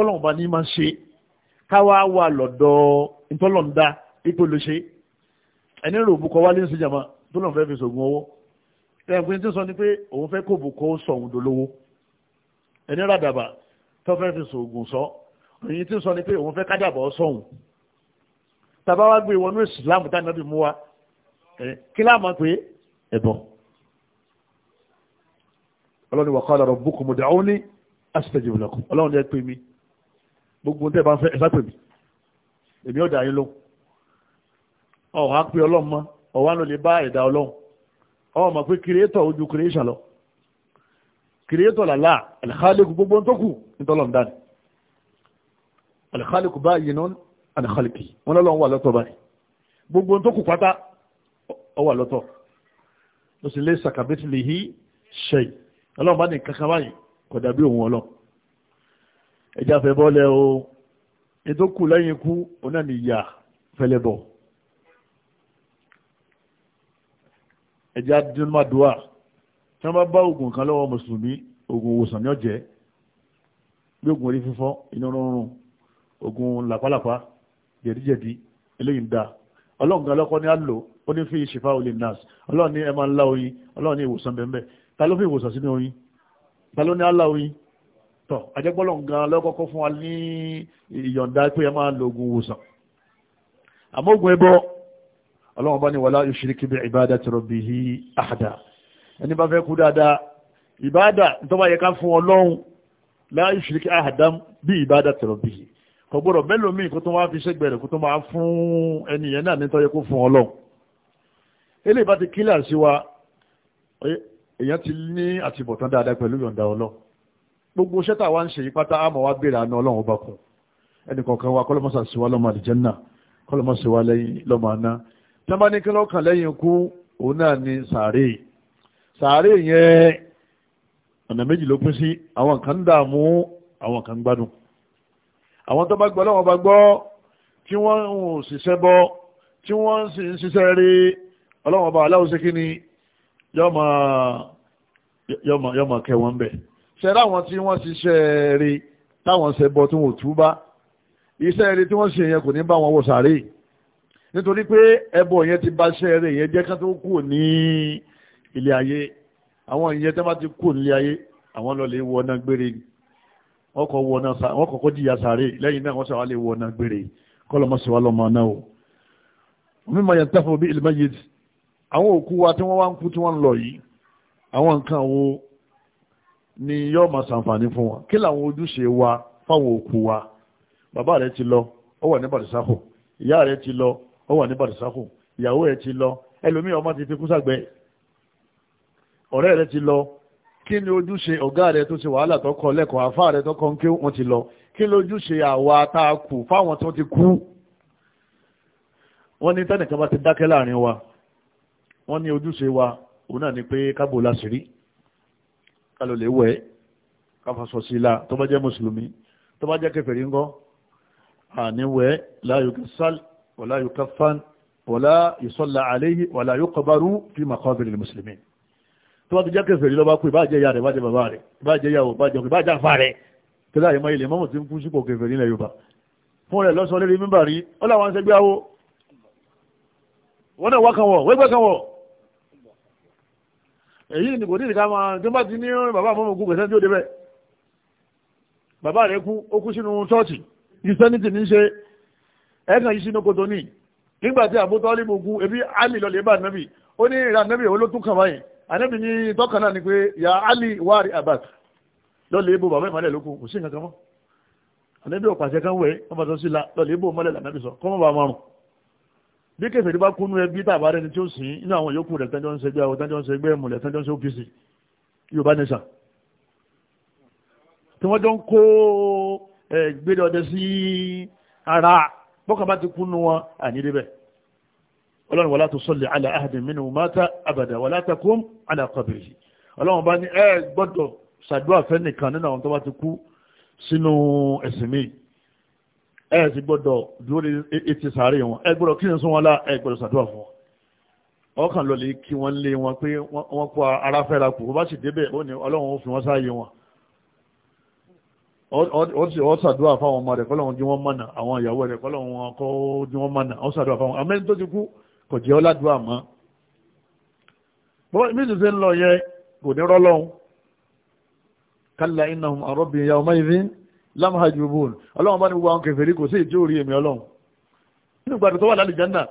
ẹni rò bukọ wálé ń sèjàmá tó lọ́n fẹ́ fi sògùn owó ẹ̀gbìn tí sọ ni pé òun fẹ́ kó bukọ sọ̀hún dolówó ẹni ràdàbà tó fẹ́ fi sògùn sọ èyí tí sọ ni pé òun fẹ́ kádàbọ̀ sọ̀hún tàbá wá gbé wọnú ìsìlámù tá nàbí mú wa kí láàmú pé ẹ̀bọ̀n ọlọ́ni wà qala rabbukum ud'uni astajib lakum ọlọ́run ẹ pè mí gbogbo tẹ́ bá ń fẹ́ ẹ ọ̀hún á pé ọlọ́run mọ́ ọ̀hún á lọ lè bá ẹ̀dá ọlọ́run ọ̀hún mọ̀ pé kìrìẹ́tọ̀ ojú kìrìẹ́sàn lọ kìrìẹ́tọ̀ làlá alìkálẹ́kù gbogbo tó kù nítọ́lọ̀ dáni alìkálẹ́kù bá yìí náà alìkálẹ́kì wọn lọ́lọ́ wà lọ́tọ̀ báyìí gbogbo tó kù pátá ọ wà lọ́tọ̀ ló sì lé sàkàbẹ́tì lè hí ṣe ọlọ́run bá ní kankan báyìí kò dàbí òun ọlọ́ ẹja fẹ́ bọ́lẹ̀ o ètò kù lẹ́yìn ikú onáníyà fẹ́lẹ́ bọ̀ ẹja dínmàdùá tí wọ́n bá bá oògùn kan lọ́wọ́ mùsùlùmí oògùn òwòsàn ní ọ̀jẹ́ bí oògùn orí fífọ́ inú rúnrún oògùn làpálàpá jẹ̀díjẹ̀dí eléyìí ń da ọlọ́run gan lọ́kọ́ ní á lò ó ní fi ìṣèfà olè nas ọlọ́run ní ẹ máa ń lá oyin ọlọ́run ní ìwòsàn bẹ́ẹ̀ ta ló fi ìwòsàn sínú oyin ta ló ní á oyin tọ́ ajẹ́gbọ́lọ̀ gan lọ́kọ́kọ́ fún wa ní ìyọ̀ǹda pé ẹ máa lo oògùn ìwòsàn àmọ́ oògùn ẹbọ ọlọ́run bá ní wala yushriku bi ibadati rabbihi ahada ẹni bá fẹ́ kú dáadáa ìbádà tó bá yẹ ká fún ọlọ́run la yushriku ahadan bi ibadati rabbihi kò gbọ́dọ̀ mẹ́lòmíì kó tó wá fi ṣẹ́gbẹ̀rẹ̀ kó tó máa fún ẹnìyẹn náà nítọ́ yẹ kó fún ọlọ́run eléyìí bá ti kílẹ̀ sí wa èèyàn ti ní àtibọ̀tán dáadáa pẹ̀lú yọ̀ǹda ọlọ́ gbogbo ṣẹ́tà wa ń ṣe ìpátá àmọ́ wa béèrè àna ọlọ́run ọba kù ẹnìkọ̀ọ̀kan wa kọ́lọ́mọ́sà sí wa lọ́mọ àlìjẹ́nnà kọ́lọ́mọ́sà wa lẹ́yìn lọ́mọ àná tí wọ́n ní kí lọ́kàn lẹ́yìn ikú òun náà ni sàárè sàárè yẹn ọ̀nà méjì ló pín sí àwọn kan dààmú àwọn kan gbádùn àwọn tó bá gbọ́ lọ́wọ́ bá gbọ́ tí wọ́n ń ṣiṣẹ́ bọ́ tí wọ́n ń ṣiṣẹ́ rí ọlọ́wọ́n bá aláwọ̀ ṣe kí ni yọ́ máa kẹ́ wọn bẹ̀ ṣe láwọn tí wọ́n ṣiṣẹ́ rí táwọn ṣẹbọ tí wọ́n ò túbá iṣẹ́ rí tí wọ́n ṣe yẹn kò ní bá wọn wọ sàárè yìí nítorí pé ẹbọ yẹn ti bá ṣẹ́ rẹ̀ yẹn jẹ́ ká tó kù ní ilé ayé àwọn ìyẹn tẹ́ bá ti kù nílé ayé àwọn lọ lè wọná gbére wọ́n kọ́kọ́ jìyà sàárè lẹ́yìn náà wọ́n sàwálè lè wọná gbére kọ́lọ́mọ́síwá lọ́mọ náà o mímọ̀ yẹn tẹ́fọ̀ bí ilmọ̀ yìí àwọn òkú wa tí wọ́n wá ń kú tí wọ́n ń lọ yìí àwọn nǹkan wo ni yóò máa ṣàǹfààní fún wa kí làwọn ojúṣe wa fáwọn òkú wa bàbá rẹ ti lọ ó wà ní bàdìsáhù ìyá rẹ ti lọ ó wà ní bàdìsákù ìyàwó ẹ̀ ti lọ ẹlòmíì ọmọ ti fi kú sàgbẹ́ ọ̀rẹ́ rẹ̀ ti lọ kí ni ojúṣe ọ̀gá rẹ̀ tó ṣe wàhálà tó kọ lẹ́kọ̀ọ́ àfáà rẹ̀ tó kọ ń kí wọ́n ti lọ kí ni ojúṣe àwa tá kù fáwọn tó ti kú wọ́n ní tẹ́nìkan bá ti dákẹ́ láàrin wa wọ́n ní ojúṣe wa òun náà ni pé kábò láṣìírí ká ló lè wẹ̀ káfàṣọ sí la tó bá jẹ́ mùsùlùmí tó bá jẹ́ kèfèrí ńkọ́ àníwẹ̀ láyò kẹsàlì wala yukafan wala yusalla alayhi wala yuqbaru fi maqabir almuslimin tó bá ti jẹ́ kẹfẹ̀rí lọ bá kú ìbájẹ́ ìyá rẹ̀ ìbájẹ́ bàbá rẹ̀ ìbájẹ́ ìyàwó ìbájẹ́ ọkọ̀ ìbájẹ́ àfà rẹ̀ tó láyé mọ́ ilẹ̀ mọ́mù tí ń kú sípò kẹfẹ̀rí ilẹ̀ Yorùbá fún rẹ̀ lọ́sọ lérí mímbà rí ó láwọn ṣe gbé awó wọ́n náà wákan wọ̀ wẹ́gbẹ́ kan wọ̀ èyí ni kò nílì ká máa tó bá ti ní bàbá mọ́mù kú kẹsẹ́ tí ó débẹ̀ bàbá rẹ̀ kú ó kú sínú ṣọ́ọ̀ṣì Christianity ní ṣe ẹ̀kan yìí sínú koto ní nígbà tí Abu Talib gun ebi Ali lọ lè bá anabi ó ní ìrà anabi òun ló tún kàn báyìí anabi ní tọ́kàn náà ni pé ya Ali wari abas lọ lè bo bàbá ìmọ̀lẹ̀ lókun kò sí nǹkan kan mọ́ anabi ò pàṣẹ kan wẹ̀ wọ́n sí la lọ lè bo mọ́lẹ̀ lànàbì sọ kọ́ mọ́ bá márùn bí kẹfẹ́ bá kúnú ẹbí tàbá rẹ ni tí ó sìn inú àwọn yòókù rẹ̀ tẹ́jọ́ ń ṣẹgbẹ́ àwọn tẹ́jọ́ ń ṣẹgbẹ́ mùlẹ̀ tẹ́jọ́ ń ṣe OPC Yorùbá nation tí wọ́n jọ ń kó ẹ̀gbẹ́dọ̀dẹ sí ara bọ́kàn bá ti kúnnú wọn àníríbẹ̀ ọlọ́run wala tusalli ala ahadin minhum mata abada wala taqum ala qabrihi ọlọ́run bá ní ẹ gbọ́dọ̀ ṣàdúrà fẹ́ nìkan nínú àwọn tó bá ti kú sínú ẹ̀sìn mi ẹ ti gbọ́dọ̀ dúró etí sàárè wọn ẹ gbọ́dọ̀ kí ni sún wọn lá ẹ gbọ́dọ̀ ṣàdúrà fún wọn ọkàn lọ lè kí wọ́n lé wọn pé wọ́n kó ara kù bó bá sì débẹ̀ ó ní ọlọ́run ó fi wọ́n sáàyè wọn ó ṣàdúrà fáwọn ọmọ rẹ̀ kọ́lọ́wọ́n jí wọ́n mọ̀nà àwọn ìyàwó rẹ̀ kọ́lọ́wọ́n kọ́ jí wọ́n mọ̀nà ó ṣàdúrà fáwọn amẹ́ni tó ti kú kò jẹ́ ọládùá mọ́ bọ́n mi ti ṣe ń lọ yẹ kò ní rọ́lọ́hún kálá innahum àrọ́bì yawma idhin lam hajubun ọlọ́run bá ní gbogbo àwọn kèfèrí kò sí ìjó orí èmi ọlọ́run nínú gbàdùn tó wà lálẹ́ jẹ́nà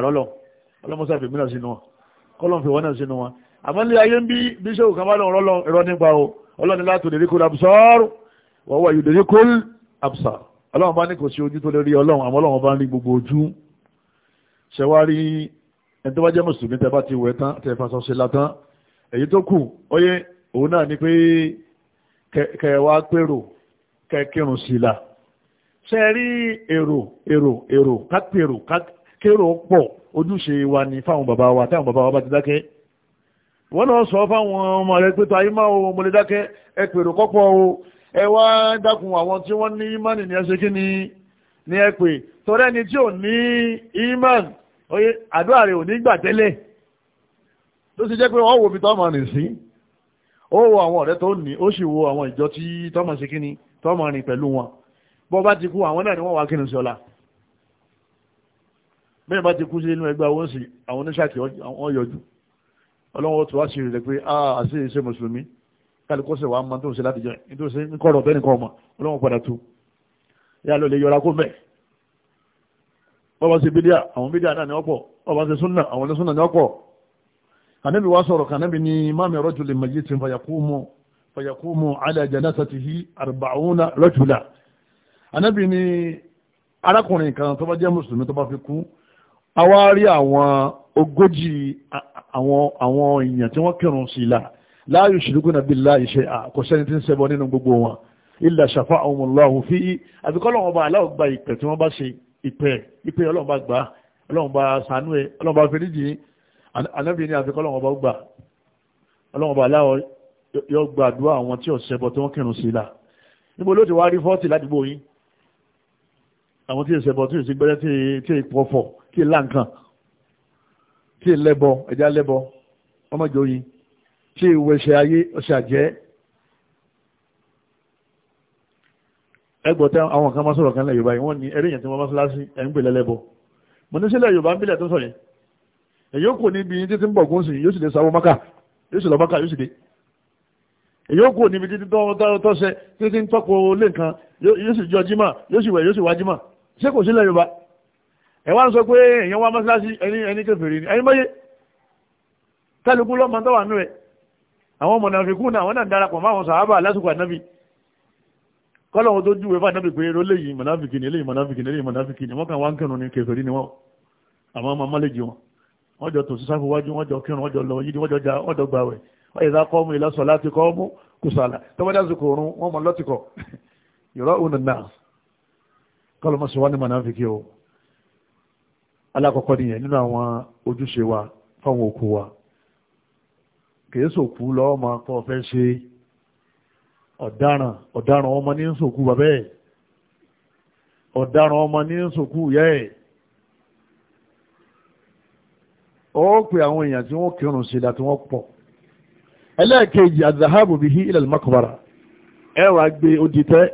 tí ọlọ́mọsá fi mílíọ̀nù sínú wọn kọ́lọ́n fi wọ́n náà sínú wọn àmọ́ ní ayé ń bí bí sẹ́wọ̀n kan bá lọ́n rọ́lọ́ ẹ̀rọ nípa o ọlọ́ni látò lè rí kúrò absar wọ́n wà yòdè rí kúrò absar ọlọ́run bá ní kò sí ojú tó lè rí ọlọ́run àmọ́ ọlọ́run bá ń rí gbogbo ojú ṣẹwárí ẹni tó bá jẹ́ mùsùlùmí tẹ bá ti wẹ̀ tán tẹ fasọ ṣe látán èyí tó kù ọyẹ òun náà ni pé kẹ wá pérò kẹ kírun sí la ṣe rí èrò èrò èrò ká pèrò kérò pọ̀ ojúṣe wa ni fáwọn bàbá wa táwọn bàbá wa bá ti dákẹ́ wọ́n náà sọ fáwọn ọmọ rẹ̀ pé tàyí máa o mo lè dákẹ́ ẹ pèrò kọ́pọ̀ o ẹ wá àwọn tí wọ́n ní ìmánì ní ẹsẹ̀ kí ni ní ẹ pè torí ẹni tí ò ní ìmánì oye àdúrà rẹ̀ ò ní gbà tẹ́lẹ̀ ló sì jẹ́ pé wọ́n wo fi tọ́mọ rìn sí ó wo àwọn ọ̀rẹ́ tó ní ó sì wo àwọn ìjọ tí tọ́mọ sí kíni tọ́mọ rìn pẹ̀lú wọn bọ́ bá ti kú àwọn náà ni wọ́n wá kíni sí ọ̀la bẹ́ẹ̀ bá ti kú sí inú ẹgbẹ́ àwọn sì àwọn oníṣàkì wọ́n yọjú ọlọ́wọ́ tó wá sí rẹ̀ pé a ah, àti ìṣe mùsùlùmí kálukọ́ sì wàá máa tó ń ṣe láti jẹ nítorí sí kọ́rọ̀ bẹ́ẹ̀ nìkan ọmọ ọlọ́wọ́ padà tu yà lọ lè yọra kó mẹ́ bọ́ba ṣe bídíà àwọn bídíà náà ní ọ̀pọ̀ bọ́ba ṣe súnà àwọn ní súnà ní ọ̀pọ̀ kànábì wá sọ̀rọ̀ kànábì ní mami rajulin mayyitin fayakumu fayakumu ala janazatihi arba'una rajula anábì ní arákùnrin kan tó bá jẹ́ mùsùlùmí tó bá fi kú a wá rí àwọn ogójì àwọn àwọn èèyàn tí wọ́n kírun sí ilá la yushrikuna billahi shay'a kò sẹ́ni tí ń ṣẹbọ nínú gbogbo wọn illa shafa'ahumullahu fi àbíkọ́lọ́wọ́n bá aláwọ̀ gba ìpè tí wọ́n bá ṣe ìpè ìpè ọlọ́run bá gbà ọlọ́run bá sànú ẹ ọlọ́run bá fẹ́ríjì anábì ní àbíkọ́lọ́wọ́n bá gbà ọlọ́run bá aláwọ̀ yọ gbàdúrà àwọn tí ò ṣẹbọ tí tí èlà nǹkan tí èlẹ́bọ ẹja lẹ́bọ ọmọjọ yin tí ìwẹ̀ṣẹ̀ ayé ọṣẹ àjẹ́ ẹgbọ̀tẹ́ àwọn kan máa sọ̀rọ̀ kan lẹ̀ Yorùbá yìí wọ́n ní ẹ̀rẹ́yìn tí wọ́n máa sọ́lásí ẹ̀ ń pè lẹ́lẹ́bọ mo ní sílẹ̀ Yorùbá ń bílẹ̀ tó sọ̀rọ̀ èyí ó kò níbi títí ń bọ̀ gúnsì yóò sì lè sáwọ́ mọ́kà yóò sì lọ mọ́kà yóò sì dé èyí ó kò níbi títí tọ́ṣẹ títí ń tọ́pọ̀ lé nǹkan yóò sì jọ jímà yóò sì wẹ̀ yóò sì wá jímà ṣé kò sílẹ̀ Yorùbá ẹ wá ń sọ pé èèyàn wá mọ́sálásí ẹni ẹni kèfèrí ni ẹni mọ́yé kálukú lọ́mọ tó wà nú ẹ̀ àwọn mọ̀nàfikún náà àwọn náà darapọ̀ máwọn sàhábà lásìkò ànábì kọ́lọ̀wọ́n tó júwe fún ànábì pé eré léyìí mọ̀nàfikì ni eléyìí mọ̀nàfikì ni eléyìí mọ̀nàfikì ni wọ́n kàn wá ń kẹrùn ní kèfèrí ni wọ́n àwọn ọmọ mọ́lẹ́jì wọn wọ́n jọ tòṣì sáfù wájú wọ́n jọ kírun wọ́n jọ lọ yídí wọ́n jọ ja wọ́n jọ o alákọ̀ọ́kọ́ nìyẹn nínú àwọn ojúṣe wa fáwọn òkú wa kìí sòkú lọ́wọ́ máa kọ́ fẹ́ ṣe ọ̀daràn ọ̀daràn ọmọ ní sòkú bàbá ẹ̀ ọ̀daràn ọmọ ní sòkú ìyá ẹ̀ ó pe àwọn èèyàn tí wọ́n kírun sí ìdá tí wọ́n pọ̀ ẹlẹ́ẹ̀kejì azahabu bihi ilal makbara ẹ wá gbé odi tẹ́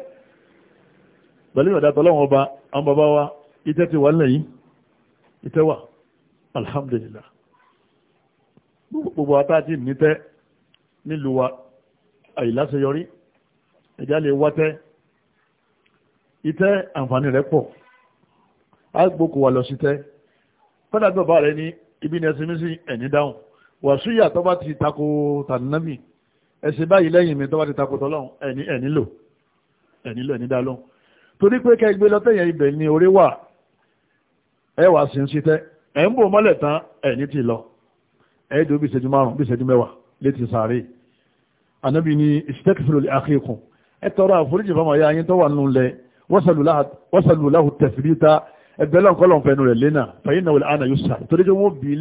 pẹ̀lú ìyọ̀dá tọ́lọ́wọ́n ọba àwọn bàbá wa ìtẹ́ ti wà nílẹ̀ yìí ìtẹ́wà alhamdulillah gbogbo àtàtì nítẹ́ nílùú wa àìláṣeyọrí ẹ̀já lè wátẹ́ ìtẹ́ àǹfààní rẹ̀ pọ̀ á gbókò wà lọ sí tẹ́ fẹ́dàgbọ́bà rẹ̀ ní ibi ní ẹsẹ̀ mísí ẹ̀ní dáhùn wàsúyà tó bá ti tako tànàmì ẹ̀sìn báyìí lẹ́yìn mi tó bá ti tako tọ́lọ́hùn ẹ̀ní ẹ̀nílò ẹ̀nílò ẹ̀ní dá lóhùn torí pé kẹgbẹ́ lọ́tẹ̀yẹn ibẹ̀ ni orí wà ẹ wà sí ń ṣitẹ́ ẹ̀ ń bò mọ́lẹ̀ tán ẹ̀ ní ti lọ ẹ̀ dùn bí ìṣẹ́jú márùn-ún bí ìṣẹ́jú mẹ́wàá létí sàárè ànábì ní istaghfiru li akhikum ẹ tọrọ àforíjì fáwọn ayé ayín tó wà nínú lẹ wasalu lahu tẹ̀síbítà ẹgbẹ́ lọ́nkọ́lọ́n fẹnu rẹ̀ lẹ́nà fẹ̀yìn náà àná yóò sà torí pé wọ́n bí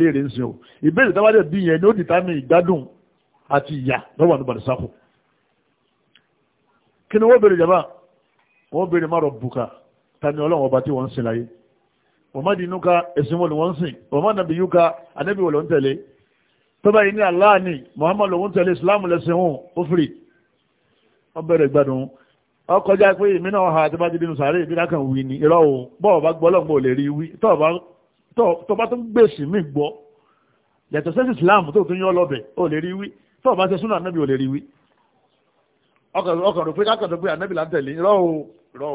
ilé òmọ́dínúka ẹ̀sìn wọn lòun sìn òmọ́dàbí yúka anábì wọn lòun tẹ̀lé tọ́ba yìí ní Allah ni Muhammad lòun tẹ̀lé Islam lẹ́sìn wọn ó fìrì wọ́n bẹ̀rẹ̀ gbádùn ọ kọjá pé èmi náà ha àti bájú nínú sàárè ìbí lákàn wí ni irọ́ o bọ́ọ̀ bá gbọ́ lọ́gbọ́ lè rí wí tọ́ọ̀bá tó ń gbèsè mí gbọ́ yàtọ̀ sẹ́sì Islam tó tún yọ lọ́bẹ̀ ó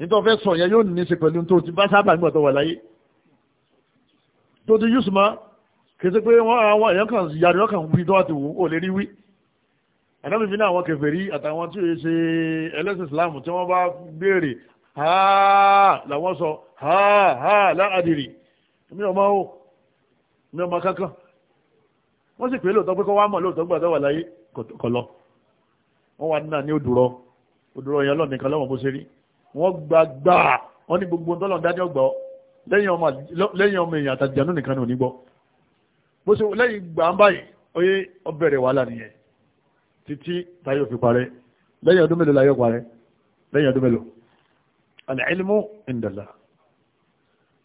nítorí fẹ́ sọ yẹn yóò ní í ṣe pẹ̀lú tó ti bá sábà nígbà tó wà láyé tó ti yúsùmá kèsì pé wọ́n àwọn èèyàn kan yàrá ọkàn wí tó àti wù ó lè rí wí àdámi fi ní àwọn kèfèrí àtàwọn tí ó ṣe ẹlẹ́sìn Islam tí wọ́n bá béèrè háà làwọn sọ háà háà láàdìrì mi ò máa ó mi ò máa kankan wọ́n sì pé lóòótọ́ pé kọ́ wá mọ̀ lóòótọ́ gbà tó wà láyé kọ̀ lọ wọ́n wà nínà ní òdùrọ̀ òdùrọ̀ yẹn lọ́nìkan wọ́n gbàgbà wọ́n ní gbogbo tọ́lọ̀ dájọ́ gbọ́ lẹ́yìn ọmọ èèyàn àtàjànú nìkan ò ní gbọ́ bó ṣe lẹ́yìn gbà ń báyìí oyé ọbẹ̀rẹ̀ wàhálà nìyẹn títí táyọ̀ fi parẹ́ lẹ́yìn ọdún mélòó láyọ̀ parẹ́ lẹ́yìn ọdún mélòó al-ilmu indallah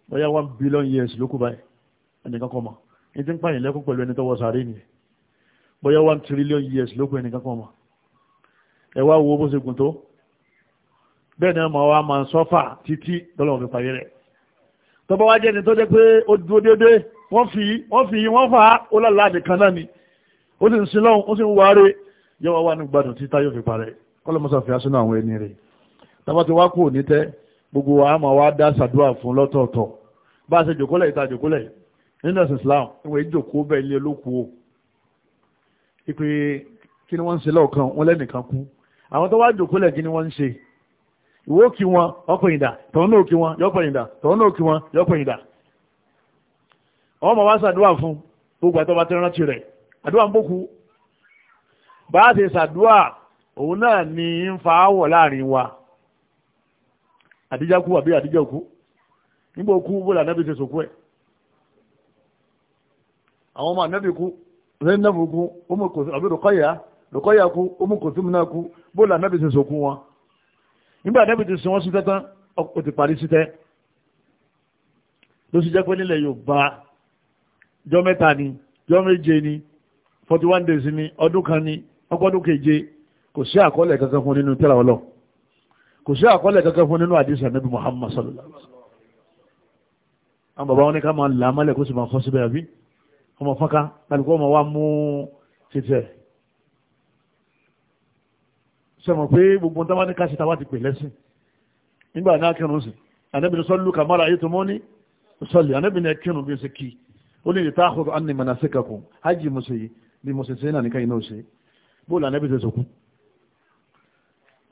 bóyá one billion years ló kú báyìí ẹnìkan kọ́ mọ̀ ní ti ń pààyàn lẹ́kún pẹ̀lú ẹni tọ́wọ́ sáré one trillion years ló kú ẹnìkan kọ́ mọ̀ ẹ wá wo bó ṣe gùn bẹ́ẹ̀ náà mọ̀ wá máa ń sọ́fà títí lọ́lọ́run fi parí rẹ̀ tọ́bọ́ wá jẹ́ni tó jẹ́ pé ó dúró déédéé wọ́n fi wọ́n fi wọ́n fà á ó lálá nìkan náà ni ó sì ń sin lọ́hùn ó sì ń wáre yọ wá wà ní gbádùn títà yóò fi parẹ́ kọ́lọ́mọ́sá fi aṣọ àwọn ẹni rẹ̀ tọ́bọ́ ti wá kú òní tẹ́ gbogbo wa máa wá dá sàdúrà fún lọ́tọ̀ọ̀tọ̀ bá a ṣe jòkólẹ̀ ìta jòkólẹ̀ nínú ẹ̀sìn ni wọ́n ń ṣe lọ́ọ̀kan wọ́n lẹ́nìkan kú àwọn tó wá jòkólẹ̀ kí ni wọ́n ń ṣe ìwọ kí wọn ọpẹ̀yìndà tọ́nà òkí wọn yọpẹ̀yìndà tọ́nà òkí wọn yọpẹ̀yìndà ọmọ wa ṣàdúrà fún gbogbo àtọ́ba tí rántí rẹ̀ àdúrà ń bókú bá a ṣe ṣàdúrà òun náà ni ń fa áwọ̀ láàrin wa àdíjá kú àbí àdíjá kú nígbà kú bóla nẹ́bí ṣe sòkú ẹ̀ àwọn ọmọ nẹ́bí kú lẹ́yìn náà kú ọmọ kòsí àbí rọ̀kọ́yà rọ̀kọ́yà kú ọmọ kòsí mi náà kú bóla nẹ́bí ṣe sòkú wọn nígbà dẹ́bi ti sin wọ́n sí tẹ́tán ó ti parí sí tẹ́ ló sì jẹ́ pé nílẹ̀ Yorùbá jọ mẹ́ta ni jọ méje ni forty one days ni ọdún kan ni ọgọ́dún keje kò sí àkọọ́lẹ̀ kankan fún nínú tẹ́lá ọlọ́ kò sí àkọọ́lẹ̀ kankan fún nínú àdìsá níbi Muhammad sallallahu alaihi wasallam àwọn bàbá wọn ní ká máa là á mọ́lẹ̀ kó sì máa fọ́ síbẹ̀ àbí ọmọ fọ́nká kálukú ọmọ wa mú títẹ̀ sẹ́mọ̀ pé gbogbo tó bá ní káṣítà wá ti pè lẹ́sìn nígbà náà kírun sí anábìnrin sọ́lù kàmárà ayé tó mọ́ ní sọ́lì anábìnrin kírun bí ó ṣe kí ó lè ta àkókò àni mọ̀nà síkà kù ájì mo ṣe yìí bí mo ṣe náà nìkan iná ṣe bóòlù anábìnrin ṣe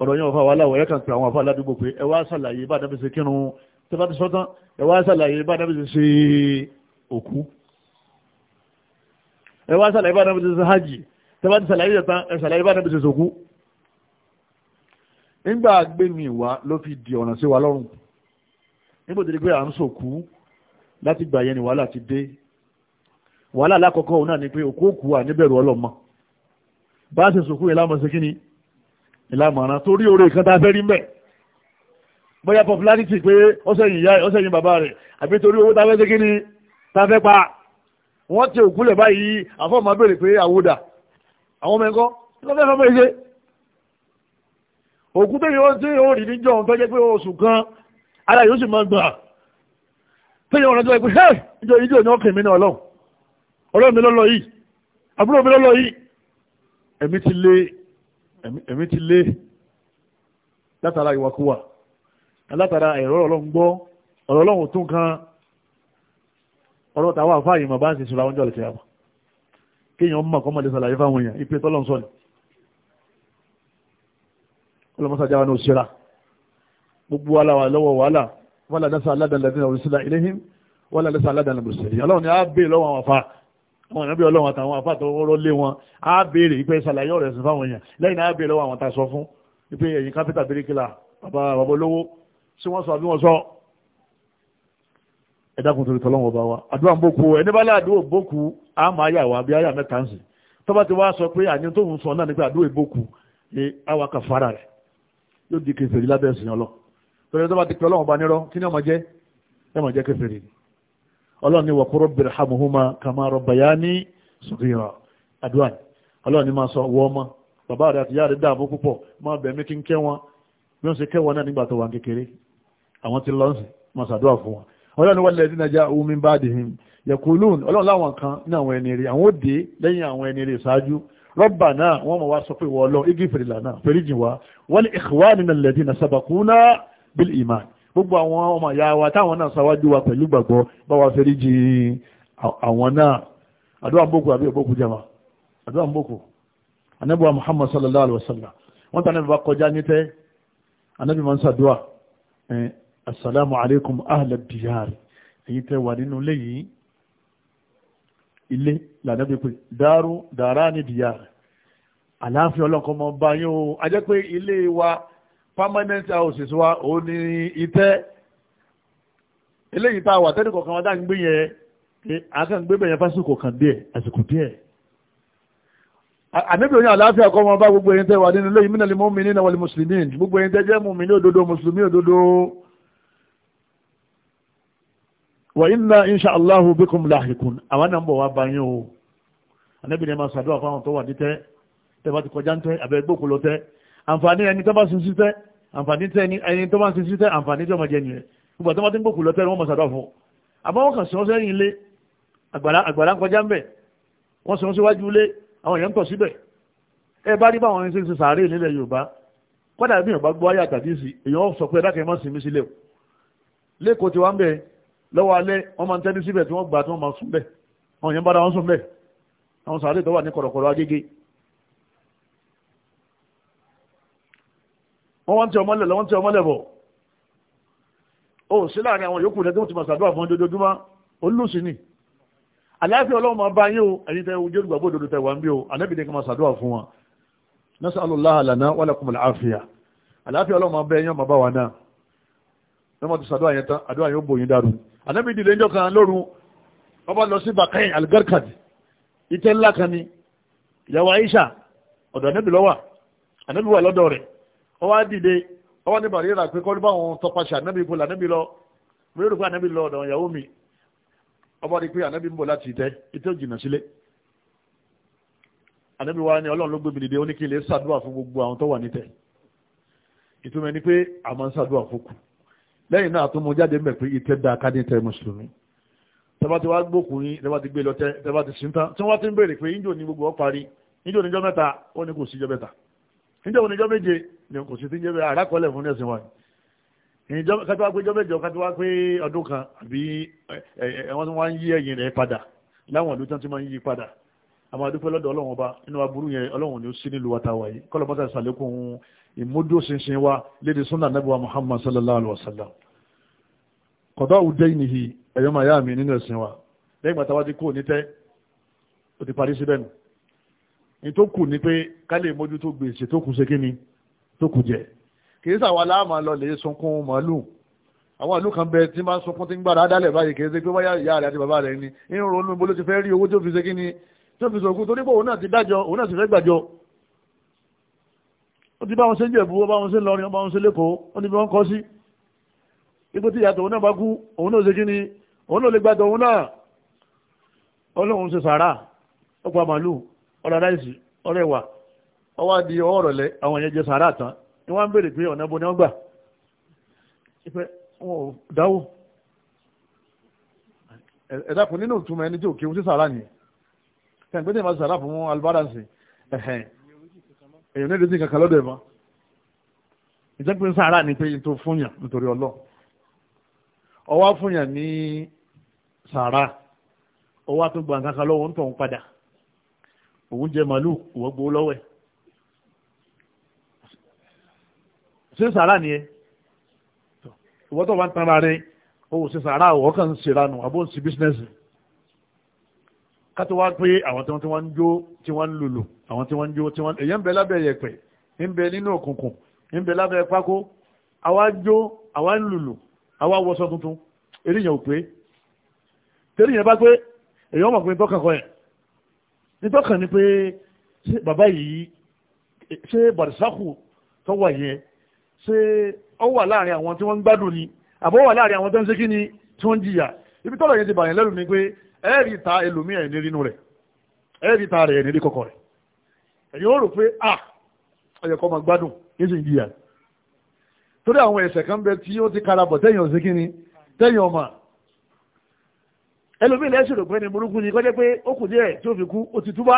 ọ̀rọ̀ yẹn ọ̀fà wàhálà wọ̀nyẹ́ kan pé àwọn afọ aládùúgbò pé ẹ wá ṣàlàyé bá dábì ṣe kírun tó ti sọ́tán ẹ wá ṣàlàyé bá dábì ṣe òkú ẹ wá ṣàlàyé bá dábì ṣe hajj tó ti ṣàlàyé tán ẹ ṣàlàyé bá dábì ṣe sọkú nígbà gbẹ̀mí wa ló fi di ọ̀nà sí wa lọ́rùn níbo tẹ́lẹ̀ pé à ń sòkú láti gbà yẹn ni wàhálà ti dé wàhálà alákọ̀ọ́kọ́ òun náà ni pé òkú òkú wà níbẹ̀rù ọlọ́mọ bá a ṣe sòkú yẹn láàmú ṣe kíni ìlàmọ̀ràn torí oore kan tá a fẹ́ rí mbẹ̀ bóyá popularity pé ó sẹ́yìn ìyá ó sẹ́yìn bàbá rẹ̀ àbí torí owó tá a fẹ́ ṣe kíni tá a fẹ́ pa wọ́n ti òkú lẹ̀ báyìí àfọ́ọ̀mọ́ béèrè pé àwòdà àwọn ọmọ ẹ̀kọ́ lọ́fẹ́ fẹ́ fẹ́ ṣe òkú tẹ́yìn ó tí ó rí ní jọ tó jẹ́ pé oṣù kan ara yóò sì máa gbà tẹ́yìn ọ̀nà tó jẹ́ pé ṣe ìjọ ìjọ ní ọkàn mi ní ọlọ́run ọ̀rẹ́ mi lọ́lọ́ yìí àbúrò mi lọ́lọ́ yìí ẹ̀mí ti lé ẹ̀mí ti lé látara ìwàkuwà látara ẹ̀rọ ọlọ́run gbọ́ ọ̀rọ̀ ọlọ́run tún kan ọ̀rọ̀ tàwa àfáà yìí bá ń ṣe ṣùgbọ́n àwọn jọ̀lẹ̀ ọlọ́mọ́sá jáwá ní òṣèrà gbogbo wàhálà wà lọ́wọ́ wàhálà wàhálà lẹ́sà aládàlẹ́dìn òrìṣìlá iléhìn wàhálà lẹ́sà aládàlẹ́ òṣèrè ọlọ́run ni a béèrè lọ́wọ́ àwọn afá àwọn ìrìnàbí ọlọ́run àtàwọn afá tọwọ́rọ́ lé wọn a béèrè ìpè ṣàlàyé ọ̀rẹ́ sí fáwọn èèyàn lẹ́yìn náà a béèrè lọ́wọ́ àwọn tá a sọ fún ìpè ẹ̀yìn kápẹ́tà bíríkìlà bàbá bàbá olówó sí wọ́n sọ àbí wọ́n sọ ẹ̀dákun torí tọ́lọ́wọ́ bá wa àdúrà ń bókú ẹni bá láàdúrà bókú a máa yà wá bí a mẹ́ta ń sìn tọ́ba ti wá sọ pé àní sọ náà nípa àdúrà ìbókú ni e, a kà fara rẹ̀ yóò di kèfèrí lábẹ́ ẹ̀sìn ọlọ́ torí ẹjọ́ bá ti pẹ́ ọlọ́run bá nírọ́ kí ni ọmọ jẹ́ ẹ mọ̀ jẹ́ kèfèrí ọlọ́run ni wọ̀kú rọ́bì rahamuhuma kama rabbayani sugira aduan ọlọ́run ni máa sọ wọ́ ọmọ bàbá rẹ̀ àti ìyá rẹ̀ dààmú púpọ̀ máa bẹ̀mí kí n kẹ́ wọn bí wọ́n ṣe kẹ́ wọn náà nígbà tó wà kékeré àwọn ti lọ́nsì máa ṣàdúrà ربنا وما wọ́n في wá sọ pé wọ́n lọ igi fèrèlà náà fèrèjì wá wal ikhwanina alladhina sabaquna bil iman gbogbo àwọn ọmọ ìyá wa táwọn náà sáwájú wa pẹ̀lú gbàgbọ́ bá wa fèrèjì àwọn náà àdúrà mbókù àbí òbókù jama àdúrà mbókù anábíwá muhammad sallallahu alaihi wasallam wọ́n tàn náà kọjá ní tẹ́ anábì máa ń sàdúrà assalamu alaikum ahlad diyar èyí tẹ́ wà nínú léyìí ilé lànàbí pé dárú dàrá nídìyà rẹ̀ àlàáfíà ọlọ́kọ̀ mọ̀ bá yín o a pé ilé wa permanent houses wa ò ní itẹ́ eléyìí tá a wà tẹ́lẹ̀ kọ̀ọ̀kan wa dá ń gbé yẹn àkàn gbé bẹ̀yẹn fásitì kọ̀ọ̀kan díẹ̀ àsìkò díẹ̀ àníbi òyìn àlàáfíà kọ́ wọn bá gbogbo ẹ̀yin tẹ́ wà nínú ilé yìí mínàlì mọ́mìnì náà wọlé mùsùlùmí gbogbo ẹ̀yin tẹ́ jẹ́ mùmìnì òdodo mùsùlùmí òdodo wa inna insha allahu bikum lahikun àwọn náà ń bọ̀ wá bá yín o anábì ní máa ṣàdúrà fáwọn tó wà ní tẹ́ tẹ́ bá ti kọjá ń tẹ́ àbẹ́ gbòkú lọ tẹ́ àǹfààní ẹni tó bá sin sí tẹ́ àǹfààní tẹ́ ẹni tó bá sin sí tẹ́ àǹfààní tí ọmọ jẹ nìyẹn gbogbo àti wọn ti ń lọ tẹ́ wọn máa ṣàdúrà fún àbáwọn kan sọ sẹ́yìn ilé àgbàlá àgbàlá kọjá ń bẹ̀ wọ́n sọ síwájú ilé àwọn èèyàn ń tọ̀ síbẹ̀ ẹ bá rí báwọn ẹni sàárè nílẹ̀ Yorùbá kọ́dà bí èèyàn bá gbọ́ ayé àtàdísì èèyàn sọ pé ẹ̀dá kan máa sinmi sílẹ̀ o lẹ́kọ̀ọ́ ti wá ń bẹ̀ lọ́wọ́ alẹ́ wọ́n máa ń tẹ́lẹ̀ síbẹ̀ tí wọ́n gbà tí wọ́n máa sùn bẹ́ẹ̀ àwọn èèyàn bára wọn sùn bẹ́ẹ̀ àwọn sàárè tó wà ní kọ̀rọ̀kọ̀rọ̀ agége wọ́n wá ń tẹ ọmọlẹ̀ lọ́wọ́ ń tẹ ọmọlẹ̀ bọ̀ ó sí láàrin àwọn yòókù rẹ̀ tó ti máa ṣàdúrà fún ojoojúmọ́ olùsìn ni àlàáfíà ọlọ́run máa bá yín o ẹ̀yin tẹ ojú olùgbàgbọ́ òdodo tẹ wà ń bí o ànábìdẹ́ kan máa ṣàdúrà fún wa nasalullaha lana wa lakum al-afiya àlàáfíà ọlọ́run máa bá yín ọmọ bá wa náà lọ́mọ ti ṣàdúrà yẹn tán àdúrà yóò bò yín dàrú ànábì dìde ńjọ́ kan lóru ọba lọ sí bakayin algarkad ìtẹ́ ńlá kan ni ìyàwó aisha ọ̀dọ̀ ànábì lọ́wà ànábì wà lọ́dọ̀ rẹ̀ ọwá dìde ọwá ní bàrí rà pé kọ́ bá wọn tọpaṣẹ ànábì ìpolà ànábì lọ mẹ́rù pé ànábì lọ ọ̀dọ̀ ìyàwó mi ọba rí pé ànábì ń bọ̀ láti ìtẹ́ ìtẹ́ òjìnà sílé ànábì wa ni ọlọ́run ló gbé mi dìde ó ní kí ilé ṣàdúrà fún gbogbo àwọn tó wà nítẹ̀ ìtumọ̀ ni pé àmọ́ ń ṣàdúrà fún kù lẹ́yìn náà tó mú jáde mẹ́ pé ìtẹ́ da kádé tẹ mùsùlùmí tẹ́bá ti wá gbókùnrin tẹ́bá ti gbé lọ tẹ́ tẹ́bá ti sin tán tí wọ́n ti ń béèrè pé ìjọ ní gbogbo ọ parí ìjọ níjọ́ mẹ́ta ó ní kò sí ìjọ mẹ́ta ìjọ níjọ́ méje ni kò sí ti ń jẹ́ bẹ́ẹ̀ àràkọọ́lẹ̀ fún ẹ̀sìn wa ìjọ kátó wá pé ìjọ mẹ́jọ kátó wá pé ọdún kan àbí wọ́n wá ń yí ẹ̀yìn rẹ̀ padà láwọn ìlú tán ti máa ń yí padà àmọ́ àdúpẹ́ lọ́dọ̀ ọlọ́run ọba inú aburú yẹn ọlọ́run ni ó sí nílùú wa táwa yìí kọ́lọ́ ìmúdóṣinṣin wa lédè súnà nàbí muhammad sallallahu alaihi wa sallam kọ̀dá òde nìyí ẹ̀yọ́ màá yá mi nínú ẹ̀sìn wa lẹ́yìn gbàtà wá ti kú ní tẹ́ ó ti parí síbẹ̀ nù ní tó kù ní pé ká lè mójútó gbèsè tó kù ṣe kí ni tó kù jẹ kì í sàwọn aláàmà lọ lè sunkún màálù àwọn ìlú kan bẹ tí máa sunkún tí ń gbára dálẹ̀ báyìí kìí ṣe pé wáyà ìyá rẹ̀ àti bàbá rẹ̀ ni ń ronú bó ló ti fẹ́ rí owó tó fi ṣe ni tó fi sọ̀kú torí pé òun náà ti dájọ́ òun náà ti fẹ́ gbàjọ́ ó ti bá wọn ṣe ń jẹ̀bú ó bá wọn ṣe ń lọrin ó bá wọn ṣe lẹ́kọ̀ọ́ ó ní bí wọ́n kọ́ sí ipò tí ìyàtọ̀ òun náà bá kú òun náà ṣe kí ni òun náà lè gbàtọ̀ òun náà ọlọ́run ṣe sàárà ọ̀pọ̀ àmàlù ọ̀rọ̀ aláìsí ọ̀rọ̀ ẹ̀wà ọwọ́ di ọwọ́ ọ̀rọ̀lẹ́ àwọn ẹ̀yẹ jẹ sàárà tán ni wọ́n ń béèrè pé ọ̀nà bo ni wọ́n gbà ìfẹ́ wọn ò dáwó ẹ̀dá nínú ìtumọ̀ ẹni tí ò kéwu sí sàárà nìyẹn èèyàn nílùú sí kankan lọ́dọ̀ ẹ̀ mọ́ ìjẹ́pẹ́ sàárà ni pé tó fúnyàn nítorí ọlọ́ ọwọ́ fúnyàn ní sàárà ọwọ́ tó gba nǹkan kan lọ́wọ́ ń tọ̀hún padà òun jẹ màálù òun gbowó lọ́wọ́ ẹ̀ ṣé sàárà ni ẹ ìwọ́tọ̀ bá ń tanra rẹ o ò ṣe sàárà ọ̀ kàn ń ṣèrànù àbó ń ṣe bísínẹ́sì kátó wá pé àwọn tí wọ́n ti wọ́n ń jó tí wọ́n ń lùlù àwọn tí wọ́n ń jó tí wọ́n èyàn ń bẹ lábẹ́ yẹ̀pẹ̀ ń bẹ nínú òkùnkùn ń bẹ lábẹ́ pákó àwa jó àwa ń lùlù àwa wọṣọ tuntun eléyàn ò pé torí yẹn bá pé èyàn mọ̀ pé tọ́kàn kọ́ yẹn nítọ́kàn ni pé ṣé bàbá yìí ṣé bàdìsákù tó wà yẹn ṣé ó wà láàrin àwọn tí wọ́n ń gbádùn ni àbọ̀ wà láàrin àwọn tó ń ṣe kí ni tí wọ́n jìyà ibi tọ́lọ̀ yẹn ti bàyàn lẹ́rù ni pé ẹ̀rí ta ẹlòmí ẹ̀ ní rínú rẹ̀ ẹ̀rí ta rẹ̀ ní rí kọ̀kọ̀ rẹ̀ ẹ̀yìn ó rò pé à ọ̀yẹ̀kọ́ máa gbádùn yíṣu ń jìyà torí àwọn ẹ̀ṣẹ̀ kan bẹ tí ó ti kára bọ̀ tẹ́yìn ọ̀sẹ̀ kínní tẹ́yìn ọmọ ẹlòmí lẹ́sìn rò pé ní burúkú ni kọ́jẹ́ pé ó kù díẹ̀ tí ó fi kú ó ti túbá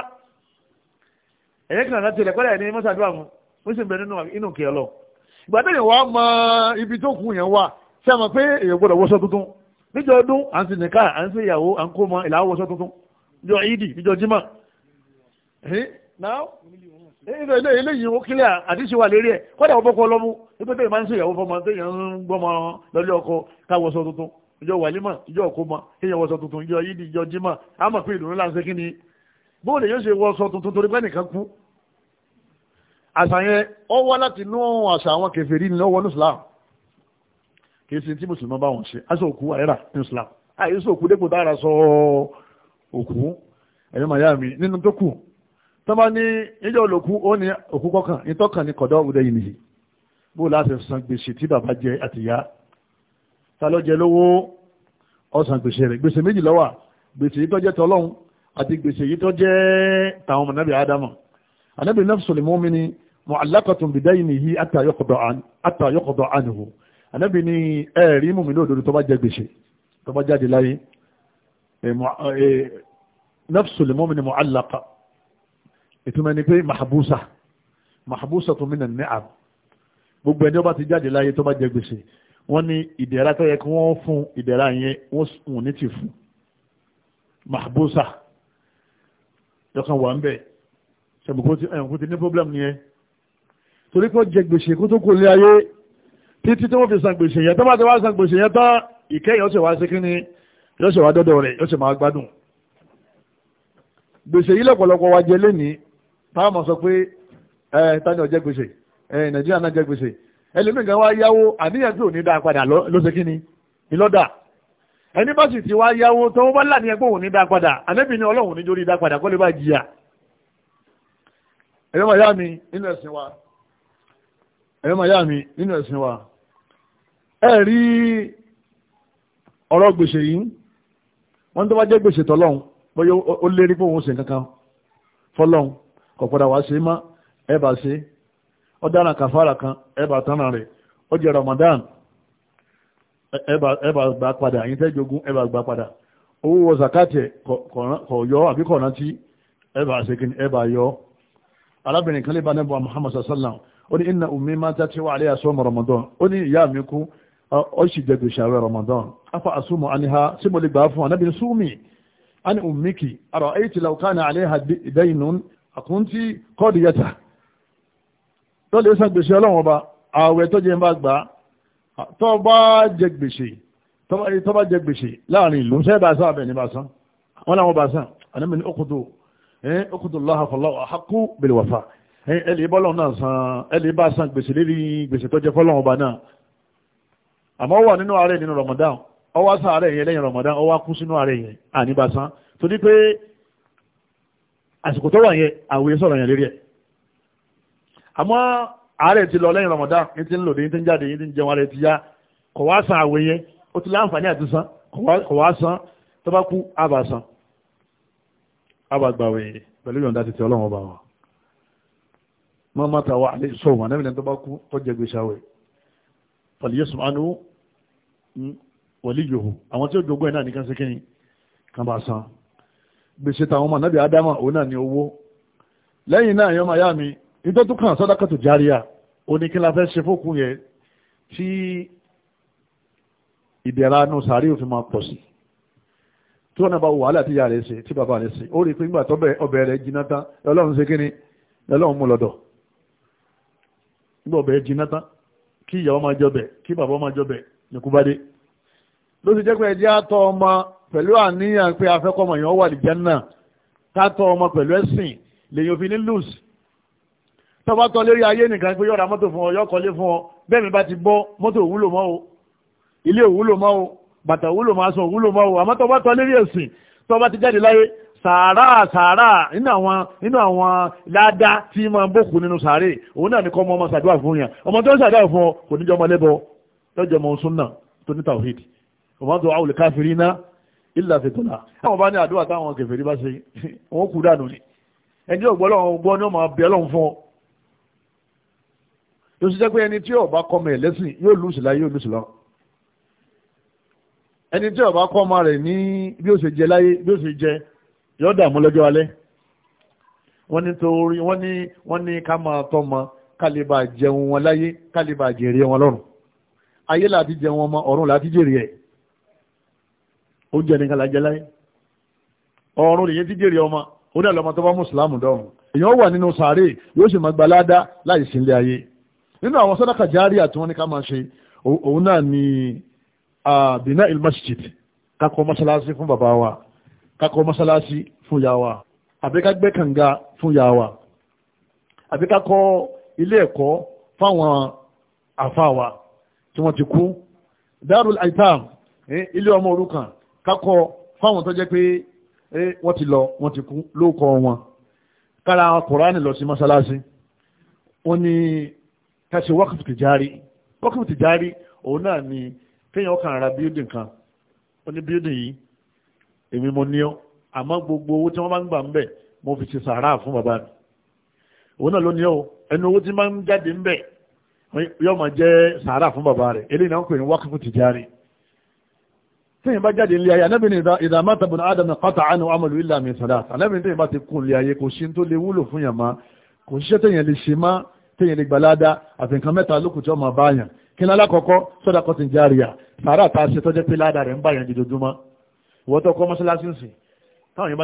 ẹ̀yẹ́ kan láti ilẹ̀ kọ́lẹ̀ ní mọ́sàdúrà mu ó sì ń nínú inú kẹ́ ọlọ níjọ ọdún à ń sin nìka à ń sin ìyàwó à ń kó mọ ìlàwọ́sọ tuntun níjọ ìdì níjọ jimá eléyìí ó kílẹ̀ àdíṣe wà lérí ẹ̀ kọ́dà ọ̀pọ̀ kọ́ lọ́mú nígbà tẹ́yìn máa ń ṣèyàwó fọmọ tẹ́yìn ń gbọ́mọ lọ́lé ọkọ káwọ́sọ tuntun ìjọ wàlímà ìjọ ọkọmọ kéèyàn wọ́sọ tuntun ìjọ yídì ìjọ jimá a mọ̀ pé ìdùnnú ni bóòlù yóò ṣe wọ́sọ tuntun torí pé nìkan kú àṣà yẹn ó wá láti kìí ṣe tí mùsùlùmí bá wọn ṣe aṣọ òkú àyẹ́rà ní islam àìsọ òkú dépò dára sọ òkú ẹ̀yọ́ màyá mi nínú tó kù tó bá ní níjọ́ olókú ó ní òkú kọkàn ìtọ́kàn ní kọ̀dọ̀ òde yìí nìyí bó láti san gbèsè tí bàbá jẹ àtìyá ta ló jẹ lówó ọ̀sán gbèsè rẹ̀ gbèsè méjì ló gbèsè yìí tó jẹ́ tọlọ́hun àti gbèsè yìí tó jẹ́ tàwọn mọ̀nàbí ádámù ànábì nafsul mu'mini mu'allaqatun bidaynihi hatta ànábì ní ẹ̀rí mùmí lóòdòdó tó bá jẹ gbèsè tó bá jáde láyé nafsul mu'min mu'allaqa ìtumọ̀ ni pé mahabusa mahabusa tó mìnà ní àrùn gbogbo ẹni ó bá ti jáde láyé tó bá jẹ gbèsè wọ́n ní ìdẹ̀ra tó yẹ kí wọ́n fún ìdẹ̀ra yẹn wọ́n sùn ní ti fún mahabusa yọkan wà ń bẹ̀ ṣàbùkú ti ní problem ni torí pé ó jẹ gbèsè kó tó kò lé ayé títí tí wọ́n fi san gbèsè yẹn tó bá ti wá san gbèsè yẹn tán ìkẹ́ yẹn ó wá sí kíní yóò sì wá dọ́dọ̀ rẹ̀ yóò sì máa gbádùn. gbèsè yìí lọ́pọ̀lọpọ̀ wa jẹ lẹ́nìí táwọn mọ̀ sọ pé ẹ tani ó jẹ gbèsè ẹ nàìjíríà náà jẹ gbèsè ẹlẹ́mìí kan wá yáwó àníyàn tí ò ní dáa padà ló ṣe kíní ìlọ́dà ẹni bá sì ti wá yáwó tó wọ́n láti ẹgbẹ́ òun ní dá padà ànábì ní ọlọ́run ní jórí dá padà kọ́ lè bá jìyà ẹ̀yọ́ màá yá yá mi nínú ẹ̀sìn wa ẹ rí ọ̀rọ̀ gbèsè yìí wọ́n tó bá jẹ́ gbèsè tọ́lọ́hún bóyá ó ṣe kankan fọ́lọ́hún kò padà dára kàfàrà kan ẹ bá tánà rẹ ó Ramadan ẹ bá gbà padà yín jogún ẹ bá gbà padà owó wọ zakate yọ àbí rántí ẹ bá ṣe kìnnì ẹ bá yọ arábìnrin kan lè ó ní wà ọ sì jẹ́ gbèsè àwẹ̀ Ramadan afa asumu aniha sí mo lè gbà fún anábì sumi ani ummiki ara aiti laukana aleha dainun akunti kodiyata tó lè san gbèsè ọlọ́run ọba àwẹ̀ tó jẹ́ bá gbà tó bá jẹ gbèsè tó bá jẹ gbèsè láàrin ìlú sẹ́ bá sáà bẹ̀ ní bá san wọn làwọn bá san anábì ní okudu okudu lọ́ha fọlọ́ àhakú bil wafa ẹ lè náà san ẹ san gbèsè lérí gbèsè tó jẹ fọlọ́run ọba náà àmọ́ wà nínú ààrẹ nínú Ramadan ó wá sá ààrẹ yẹn lẹ́yìn Ramadan ó wá kú sínú ààrẹ yẹn àníbàsán torí pé àsìkò tó wà yẹn àwòye sọ̀rọ̀ yẹn lérí ẹ̀ àmọ́ ààrẹ ti lọ lẹ́yìn Ramadan ní ti ń lòdì ní ti ń jáde ní ti ń jẹun ààrẹ ti yá kò wá san àwẹ̀ yẹn ó ti láǹfààní àti san kò wá san tó bá kú àbà san àbà gbàwẹ̀ pẹ̀lú yọ̀ǹda ti tẹ ọlọ́run ọba wa mọ́mọ́ta wa àlẹ́ sọ̀wọ́n anábìnrin wọ̀lí yòó àwọn tí ó jogún ẹ̀ náà nìkan ṣe kíni kan bá san gbèsè táwọn ọmọ nábì ádámà òun náà ní owó lẹ́yìn náà yọmọ ayá mi nítorí tó kàn sọ́dá kàtó járíà oníkínlá fẹ́ ṣe fókun yẹn tí ìdẹ̀ra nù sàárì òfin máa pọ̀ sí tí wọ́n náà bá wàhálà tí ìyá rẹ̀ ṣe tí bàbá rẹ̀ ṣe ó rí i pé nígbà tó ọbẹ̀ rẹ̀ jiná tán ọlọ́run ṣe kíni ọlọ́run mú lọ́dọ̀ nígbà ọbẹ̀ jiná tán kí ìyàwó máa jọbẹ̀ kí bàbá máa jọbẹ̀ nìkúbádé ló ti jẹ́ pé ẹjẹ́ àtọ́ ọmọ pẹ̀lú àníyàn pé afẹ́kọ́mọ yẹn wà lìjánà kátọ́ ọmọ pẹ̀lú ẹ̀sìn lèyìn òfin ní lùs tọ́ba tọ́ lérí ayé nìkan pé yọ̀ọ̀ra mọ́tò fún ọ yọ̀ kọ́lé fún ọ bẹ́ẹ̀ mi bá ti bọ́ mọ́tò òwúlò mọ́ o ilé òwúlò mọ́ o bàtà òwúlò mọ́ aṣọ òwúlò mọ́ o àmọ́ tọ́ba tọ́ lérí ẹ̀sìn tọ́ba ti jáde láyé sàárà sàárà nínú àwọn nínú àwọn ládá tí máa bókun nínú sàárè òun náà ní kọ́ ọmọ ọmọ ṣàdúrà fún yàn ọmọ tó ń ṣàdúrà fún ọ kò ní jọ ọmọ lẹ́bọ̀ọ́ tọ́jọ́ mọ súnà tó ní tàwíìdì ọmọ tó àwọn olùkáfìrí náà ìlà fìtọ́lá àwọn bá ní àdúrà táwọn kèfèrí bá ṣe wọn kú dànù ni ẹni ò gbọ́lọ́wọ́ gbọ́ ni ó máa bẹ ọlọ́run fún ọ tó ṣiṣẹ́ pé ẹni tí ọba kọ́ mọ̀ ẹ̀lẹ́sìn yóò lù sílá yóò lù sílá ẹni tí ọba kọ́ ọmọ rẹ̀ ní bí ó ṣe jẹ láyé bí ó ṣe jẹ yóò dààmú lọ́jọ́ alẹ́ wọ́n ní torí wọ́n ní wọ́n ní ká máa tọ́ ọmọ ká jẹun wọn láyé ká lè wọn lọ́rùn ayé láti jẹ wọn ọmọ ọ̀run láti jèrè ẹ̀ ó jẹ́ nìkan lájẹ́ láyé ọ̀run lèyẹn ti jèrè ọmọ ó dà lọ́mọ tó bá mùsùlámù dọ̀run èèyàn wà nínú sàárè yóò sì máa gbalada láì sí ilé ayé nínú àwọn sàdákà járíà tí wọ́n ní ká máa ṣe òun náà ni bina ilmasjid kakọ mọ́sálásí fún bàbá wa kakọ mọ́sálásí fún ìyá wa àbí ká gbẹ́ kànga fún ìyá wa àbí kakọ ilé ẹ̀kọ́ fáwọn àfáà wa tí wọ́n ti kú darul aitam ilé ọmọ òrukàn kakọ fáwọn tó jẹ́ pé wọ́n ti lọ wọ́n ti kú lóòkọ wọn kára kùránì lọ sí mọ́sálásí wọ́n ní káṣe wákìtì tìjárí wákìtì tìjárí òun náà ni kéèyàn kàn ra bíódì kan ó ní bíódì yìí èmi mo ní ọ àmọ́ gbogbo owó tí wọ́n bá ń gbà ń bẹ̀ mo fi ṣe sàárà fún bàbá mi òun náà ló ní ọ ẹnu owó tí máa ń jáde ń bẹ̀ yóò máa jẹ́ sàárà fún bàbá rẹ̀ eléyìí náà ń pè ní wákìfù tìjárí tíyìn bá jáde ilé ayé anábì ní ìdàmá tàbùnà adam kọta àánú amalu illa min salat anábì ní tíyìn bá ti kún ilé ayé kò sí tó lè wúlò fún yàmá kò síṣẹ́ tíyìn lè ṣe má tíyìn lè gbalada àti nǹkan mẹ́ta lókùn tí ó máa báyàn kí ní alákọ̀ọ́kọ́ sọ́dà kọ́ ti ń járíyà sàárà ta ṣe tọ́jẹ́ pé ládàá rẹ̀ ń bá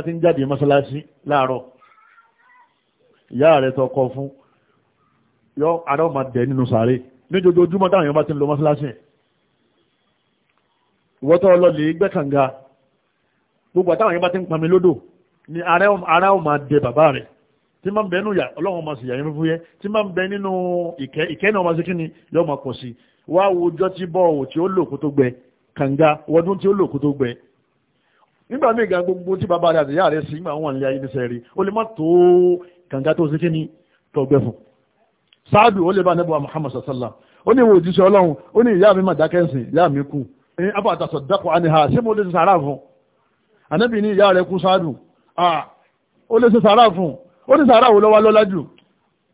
ti ń jáde yọ ara ọmọ dẹ̀ nínú sàárè ní ojoojúmọ́ táwọn èèyàn bá ti ń lọ mọ́sálásì ìwọ́tọ́ ọlọ́lẹ̀ gbẹ́kànga gbogbo àtàwọn èèyàn ti ń pami lódò ni ara ọmọ dẹ̀ bàbá rẹ̀ tí máa ń bẹ nínú ìyà ọlọ́run ọmọ sì yà yín fúfúyẹ́ tí máa ń bẹ nínú ìkẹ́ ìkẹ́ náà ọmọ sí kíni yọ ọmọ pọ̀ sí wá wojọ́ tí bọ́ọ̀ tí ó lò kó tó gbẹ kànga wọdún tí ó lò kó tó gbẹ nígbà míì gan gbogbo tí bàbá rẹ̀ àti ìyá rẹ̀ sí nígbà wọn lé ayé níṣẹ́ rí ó lè má tó kànga tó sí kíni tọ́gbẹ́ fún sáàdù ó lè bá nẹ́bọ̀ Muhammad sàlá ó ní ìwò òjíṣẹ́ ọlọ́run ó ní ìyá mi mà dákẹ́sìn ìyá mi kú ní afọ́àtàsọ̀ dákọ̀ àníhà ṣé mo lè ṣe sàárà fún ànábì ní ìyá rẹ̀ kú sáàdù ó lè ṣe sàárà fún ó ní sàárà wò lọ́wọ́ lọ́lá jù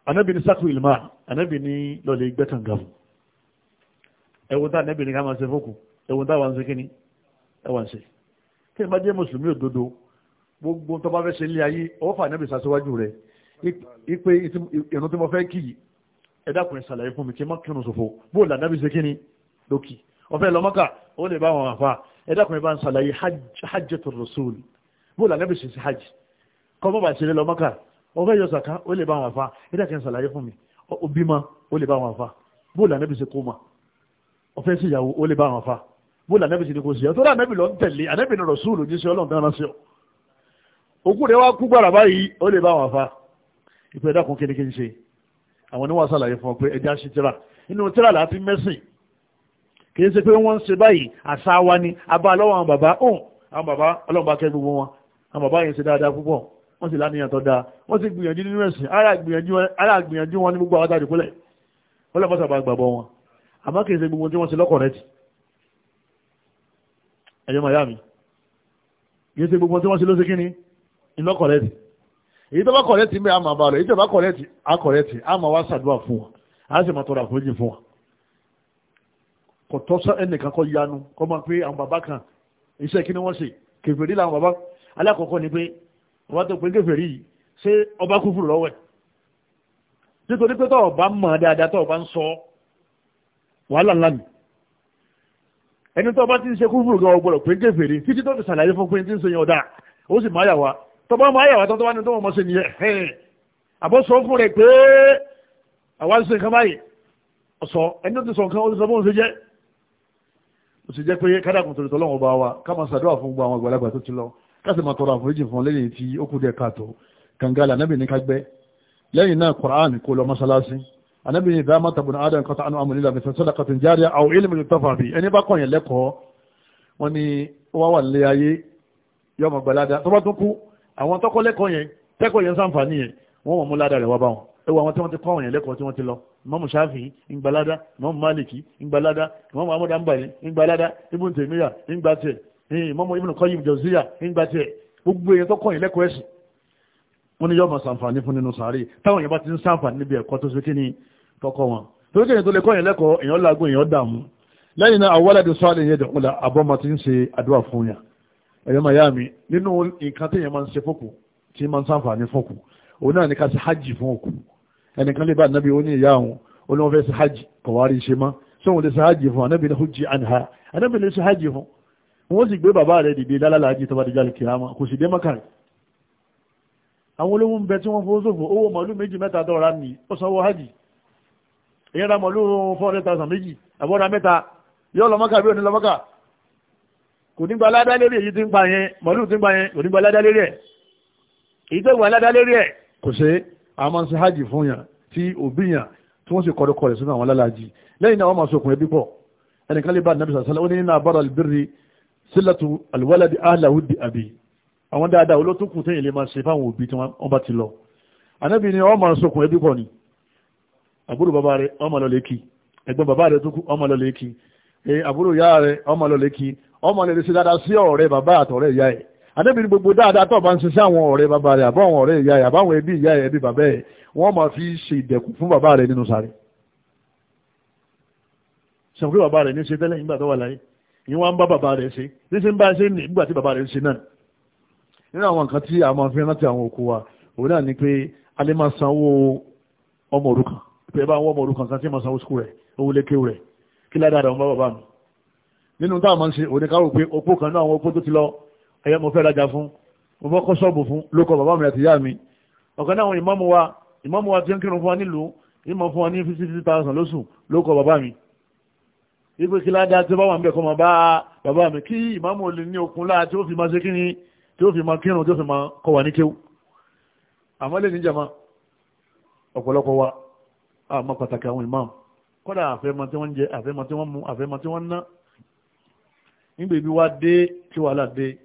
ànábì ní sákù ìlmà ànábì ní lọ́lẹ̀ gbẹ́kànga fún ẹwọ́n tá ànábì ní ká máa ṣe fókù ẹwọ́n tá wọn ṣe kíní ẹwọ́n ṣe kí ẹ má jẹ́ mùsùlùmí òdodo gbogbo tó bá fẹ́ ṣe ilé ayé ọwọ́ fà ànábì sàṣíwájú rẹ̀ ipe ìrún tí mo fẹ́ kì í ẹ̀dàkùnrin sàlàyé fún mi kí n má kírun ṣòfò bó là nábì ṣe kí ni lókì ọ̀fẹ́ lọ́mọ́kà ó lè bá wọn àfa ẹ̀dàkùnrin bá ń sàlàyé hajjatul rasul bó là nábì ṣe ṣe hajj kọ́ bọ́ bá ṣe lé lọ́mọ́kà ọ̀fẹ́ yọ sàká ó lè bá wọn àfa ẹ̀dàkùnrin sàlàyé fún mi bímọ ó lè bá wọn àfa bó là nábì ṣe kó ma ọ̀fẹ́ sí ìyàwó ó lè bá wọn àfa bó là nábì kó ṣe tó rà nábì lọ ń tẹ̀lé ànábì ní rasul òjíṣẹ́ ọlọ́run àwọn oníwà sàlàyé fún ọ pé ẹja ṣe tíra inú tíra láti mẹ́sìn kì í ṣe pé wọ́n ń ṣe báyìí àṣà wa ni abá lọ́wọ́ àwọn bàbá òun àwọn bàbá ọlọ́run bá kẹ́ gbogbo wọn àwọn bàbá yẹn ṣe dáadáa púpọ̀ wọ́n sì láníyàn tó dáa wọ́n sì gbìyànjú nínú ẹ̀sìn ara gbìyànjú wọn ní gbogbo àwọn tàbí kúlẹ̀ ọlọ́pàá bá gbàgbọ́ èyí tó bá kọ̀rẹ́tì ń bẹ àmà bá lọ èyí tó bá kọ̀rẹ́tì akọ̀rẹ́tì àmà wá ṣàdúrà fún wa a sì máa tọrọ àforíjì fún wa kò tọ́ sọ ẹnìkan kọ́ yanu kọ́ máa pé àwọn bàbá kan iṣẹ́ kí ni wọ́n ṣe kèfèrí làwọn bàbá alákọ̀ọ́kọ́ ni pé wọ́n tó pé kèfèrí yìí ṣé ọba kú fúru lọ́wọ́ ẹ̀ nítorí pé tọ́ọ̀ bá mọ̀ dáadáa tọ́ọ̀ bá ń sọ wàhálà ńlá mi ẹni tọ́ọ̀ ti ń ṣe kú fúru gan ọgbọ̀rọ̀ pé kèfèrí títí tó ti ṣàlàyé fún pé ti ń ṣe yẹn ọ̀dà ó sì máa yà wá tọba máa yàwá tó tọ́wá ní tó wọ́n mọ̀ sí nìyẹn àbọ̀ sọ fún rẹ̀ pé àwa ń ṣe nǹkan báyìí ọ̀sọ̀ ẹni tó ti sọ nǹkan ó ti sọ bóun ṣe jẹ́ ó sì jẹ́ pé kádàkùn torí tọ́lọ́wọ́n bá wa ká máa ṣàdúrà fún gbogbo àwọn àgbàlagbà tó ti lọ ká máa tọrọ àforíjì fún lẹ́yìn tí ó kù díẹ̀ káàtó kànga lànàbì ní kágbẹ́ lẹ́yìn náà Qur'an kò lọ mọ́sálásí ànàbì ní ìdá mọ́tàbùn adam kọ́ta anú amúlélà mi sọ sọ́dà kọ́tún jáde àwọn ilé mi tó tọ́fà bí ẹni bá kọ̀yìn lẹ́kọ̀ọ́ wọn ni ó wá wà nílé ayé yọmọ gbàládà tó bá tún kú àwọn tọ́kọ́ lẹ́kọ̀ọ́ yẹn tẹ́kọ̀ọ́ yẹn sàǹfààní yẹn wọ́n wọ́n mú ládàá rẹ̀ wá bá wọn ẹ wo àwọn tí wọ́n ti kọ́ àwọn yẹn lẹ́kọ̀ọ́ tí wọ́n ti lọ Imam Shafi'i ìgbàládá Imam Maliki ìgbàládá Imam Ahmad Hanbali ìgbàládá Ibn Taymiyyah ìgbà tiẹ̀ eh, Imam Ibn Qayyim Jawziyya ìgbà tiẹ̀ gbogbo èèyàn tọ́kọ̀ yẹn lẹ́kọ̀ọ́ ẹ̀sìn wọ́n ní yọ́mọ̀ sàǹfààní fún nínú sàárè táwọn yẹn bá ti ń sàǹfààní níbi ẹ̀kọ́ tó ṣe kí ni ni tó lè kọ́ yẹn lẹ́kọ̀ọ́ èèyàn lágùn ẹ̀yọ́ mayami nínú nǹkan tí èèyàn máa ń ṣe fókù tí máa ń sàǹfààní fókù òun náà ní ká ṣe hajj fún òkú ẹnìkan lè bá ànábì ó ní ìyá òun ó ní wọ́n fẹ́ ṣe hajj kọ̀wárí ṣe má sóhun lè ṣe hajj fún ànábì hujji anha ànábì lè ṣe hajj fún wọ́n sì gbé bàbá rẹ̀ dìde lálálà hajj tó bá dìjà lè kíyàmá kò sì dé mọ́kàrí àwọn olówó ń bẹ tí wọ́n fowó ṣòfò owó màálù méjì mẹ́ta dọ́ra ní ó sanwó hajj èyí ra màálù 400,000 méjì àbọ̀ra mẹ́ta yóò lọ bí ò ní lọ kò ní gba aládá lérí èyí tí ń pa yẹn màlúù tí ń pa yẹn kò ní gba aládá lérí ẹ̀ èyí tó gba aládá lérí ẹ̀ kò ṣe àwọn máa ń ṣe hajj fún yàn tí òbí yàn tí wọ́n sì kọ́dọ̀kọ́ rẹ̀ sínú àwọn alálàájì lẹ́yìn náà wọ́n máa sokùn ẹbí pọ̀ ẹnìkan lè bá nàbì sàṣálà ó ní iná àbára albirri sílẹ̀tù alwaladi aláwùdí àbí àwọn ọmọ lè ṣe dáadáa sí ọ̀rẹ́ bàbá àtọ̀rẹ́ ìyá ẹ̀ adébìnrin gbogbo dáadáa tó bá ń ṣiṣẹ́ àwọn ọ̀rẹ́ bàbá rẹ̀ àbọ̀ àwọn ọ̀rẹ́ ìyá ẹ̀ àbáwọn ẹbí ìyá ẹ̀ ẹbí bàbá ẹ̀ wọ́n máa fi ṣe ìdẹ̀kùn fún bàbá rẹ̀ nínú sáré sọ̀rọ̀ bàbá rẹ̀ ní ṣe tẹ́lẹ̀ nígbà tó wà láyé ni wọ́n ń bá bàbá rẹ̀ ṣe ní ṣe ń bá ṣe nígbà tí bàbá rẹ̀ ṣe náà nínú àwọn nǹkan tí a máa fi rántí àwọn òkú wa òun náà ni pé a lè máa sanwó ọmọ òrukàn pé bá wọn ọmọ òrukàn kan tí máa sanwó sukú rẹ̀ owó lékè rẹ̀ kí ládàá rẹ̀ wọn bá bàbá mi nínú táwọn máa ń ṣe òní káwò pé opó kan náà àwọn opó tó ti lọ ẹyẹ mo fẹ́ rajà fún mo fẹ́ kọ́ ṣọ́ọ̀bù fún ló bàbá mi àti ìyá mi ọ̀kan náà àwọn wa ìmáàmù wa ti ń kírun fún wa nílùú ìmọ̀ fún wa ní fifty fifty thousand lóṣù ló bàbá mi ipe kí ládá tí bá wà ń bẹ̀ kọ́ máa bá bàbá mi kí ìmáàmù olè ní okun láà tí ó fi máa ṣe kíni tí ó fi máa kírun tí ó fi máa kọ́ wa ní kéwù àmọ́ lè tí wọ́n ń jẹ àfẹ́mọ́ tí wọ́n mú àfẹ́mọ́ tí wọ́n ń ná nígbà ibi wá dé tí wàhálà dé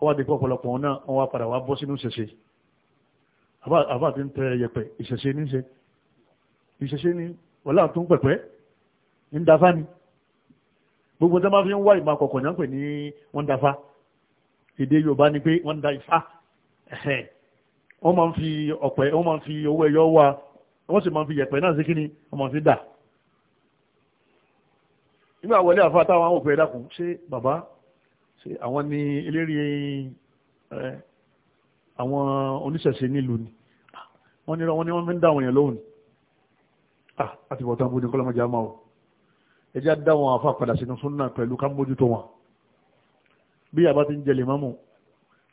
ó wá di pé ọ̀pọ̀lọpọ̀ wọn náà wọ́n wá padà wá bọ́ sínú ìṣẹ̀ṣe àbá àti ń tẹ yẹpẹ̀ ìṣẹ̀ṣe ní ṣe ìṣẹ̀ṣe ní wàhálà tó ń pẹ̀pẹ́ ń dafa ni gbogbo tí wọ́n bá fi ń wá ìmọ̀ àkọ́kọ̀ náà pè ní wọ́n dafa èdè Yorùbá ni pé wọ́n da ifá wọ́n máa ń fi ọ̀pẹ wọ́n máa ń fi owó ẹyọ wá wọ́n sì máa ń fi yẹ̀pẹ̀ náà sí kíni wọ́n máa ń fi dà nígbà wọlé àfa táwọn àwọn òpè dákun ṣé bàbá ṣé àwọn ni eléré ẹ àwọn oníṣẹ̀ṣe nílùú ni wọ́n ní wọ́n ní wọ́n fi ń dá àwọn èèyàn lóhùn ah àti bọ̀tán bójú kọ́ lọ́mọdé àmà o ẹjẹ́ á dá àwọn àfa padà sínú súnà pẹ̀lú ká mójútó wọn bí àbá ti ń jẹ lè mọ́mù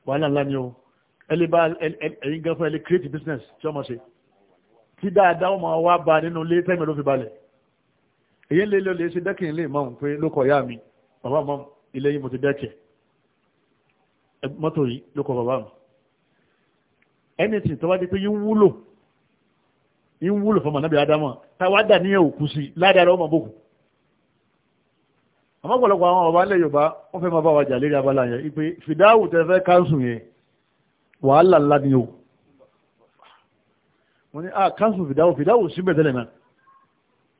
wàhálà ńlá ni o ẹlẹ́ bá ẹ̀yin gan fún ẹlẹ́ create business tí ọmọ ṣe tí dáadáa ọmọ wa bá nínú ilé tẹ́gbẹ̀ẹ́ ló fi balẹ̀ èyí lè lọ lè ṣe dẹ́kì ilé ìmọ̀mù pé ló kọ̀ ya mi bàbá mọ́mù ilé yìí mo ti dẹ́kì mọ́tò yìí ló bàbá mi anything tó wá di pé yín wúlò yín wúlò fọmọ náà bí adama táwa dà ní òkú sí ládàá ọmọ bòkù àmọ́ ọ̀pọ̀lọpọ̀ àwọn ọba ilẹ̀ Yorùbá wọ́n fẹ́ máa bá wa jà lérí abala yẹn ipe fìdáwù tẹ fẹ́ káńsù yẹn wàhálà ńlá ni o wọ́n ní ah káńsù fìdáwù fìdáwù síbẹ̀ tẹ́lẹ̀ náà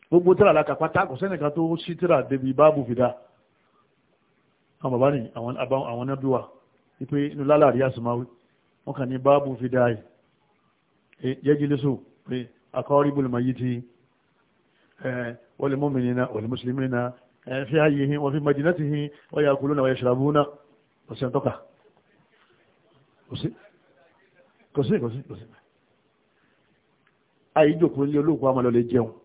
gbogbo tíra alákàpá tákù sẹ́nìkan tó sí tíra débi báàbù fìdá àwọn bàbá ní àwọn nábíwà wípé inú lálàrí àsìmáwí wọ́n kà ní báàbù fìdá ẹ̀ jẹ́jìlẹ́sù pé akọ́rìbùl mayyiti wal mu'minina wal muslimina fi hayyihim wa fi madinatihim wa ya'kuluna wa yashrabuna ọ̀sẹ̀ tọ́ka kò sí kò sí kò sí àìjòkó ilé olóòkú àmàlọ́lẹ̀ jẹun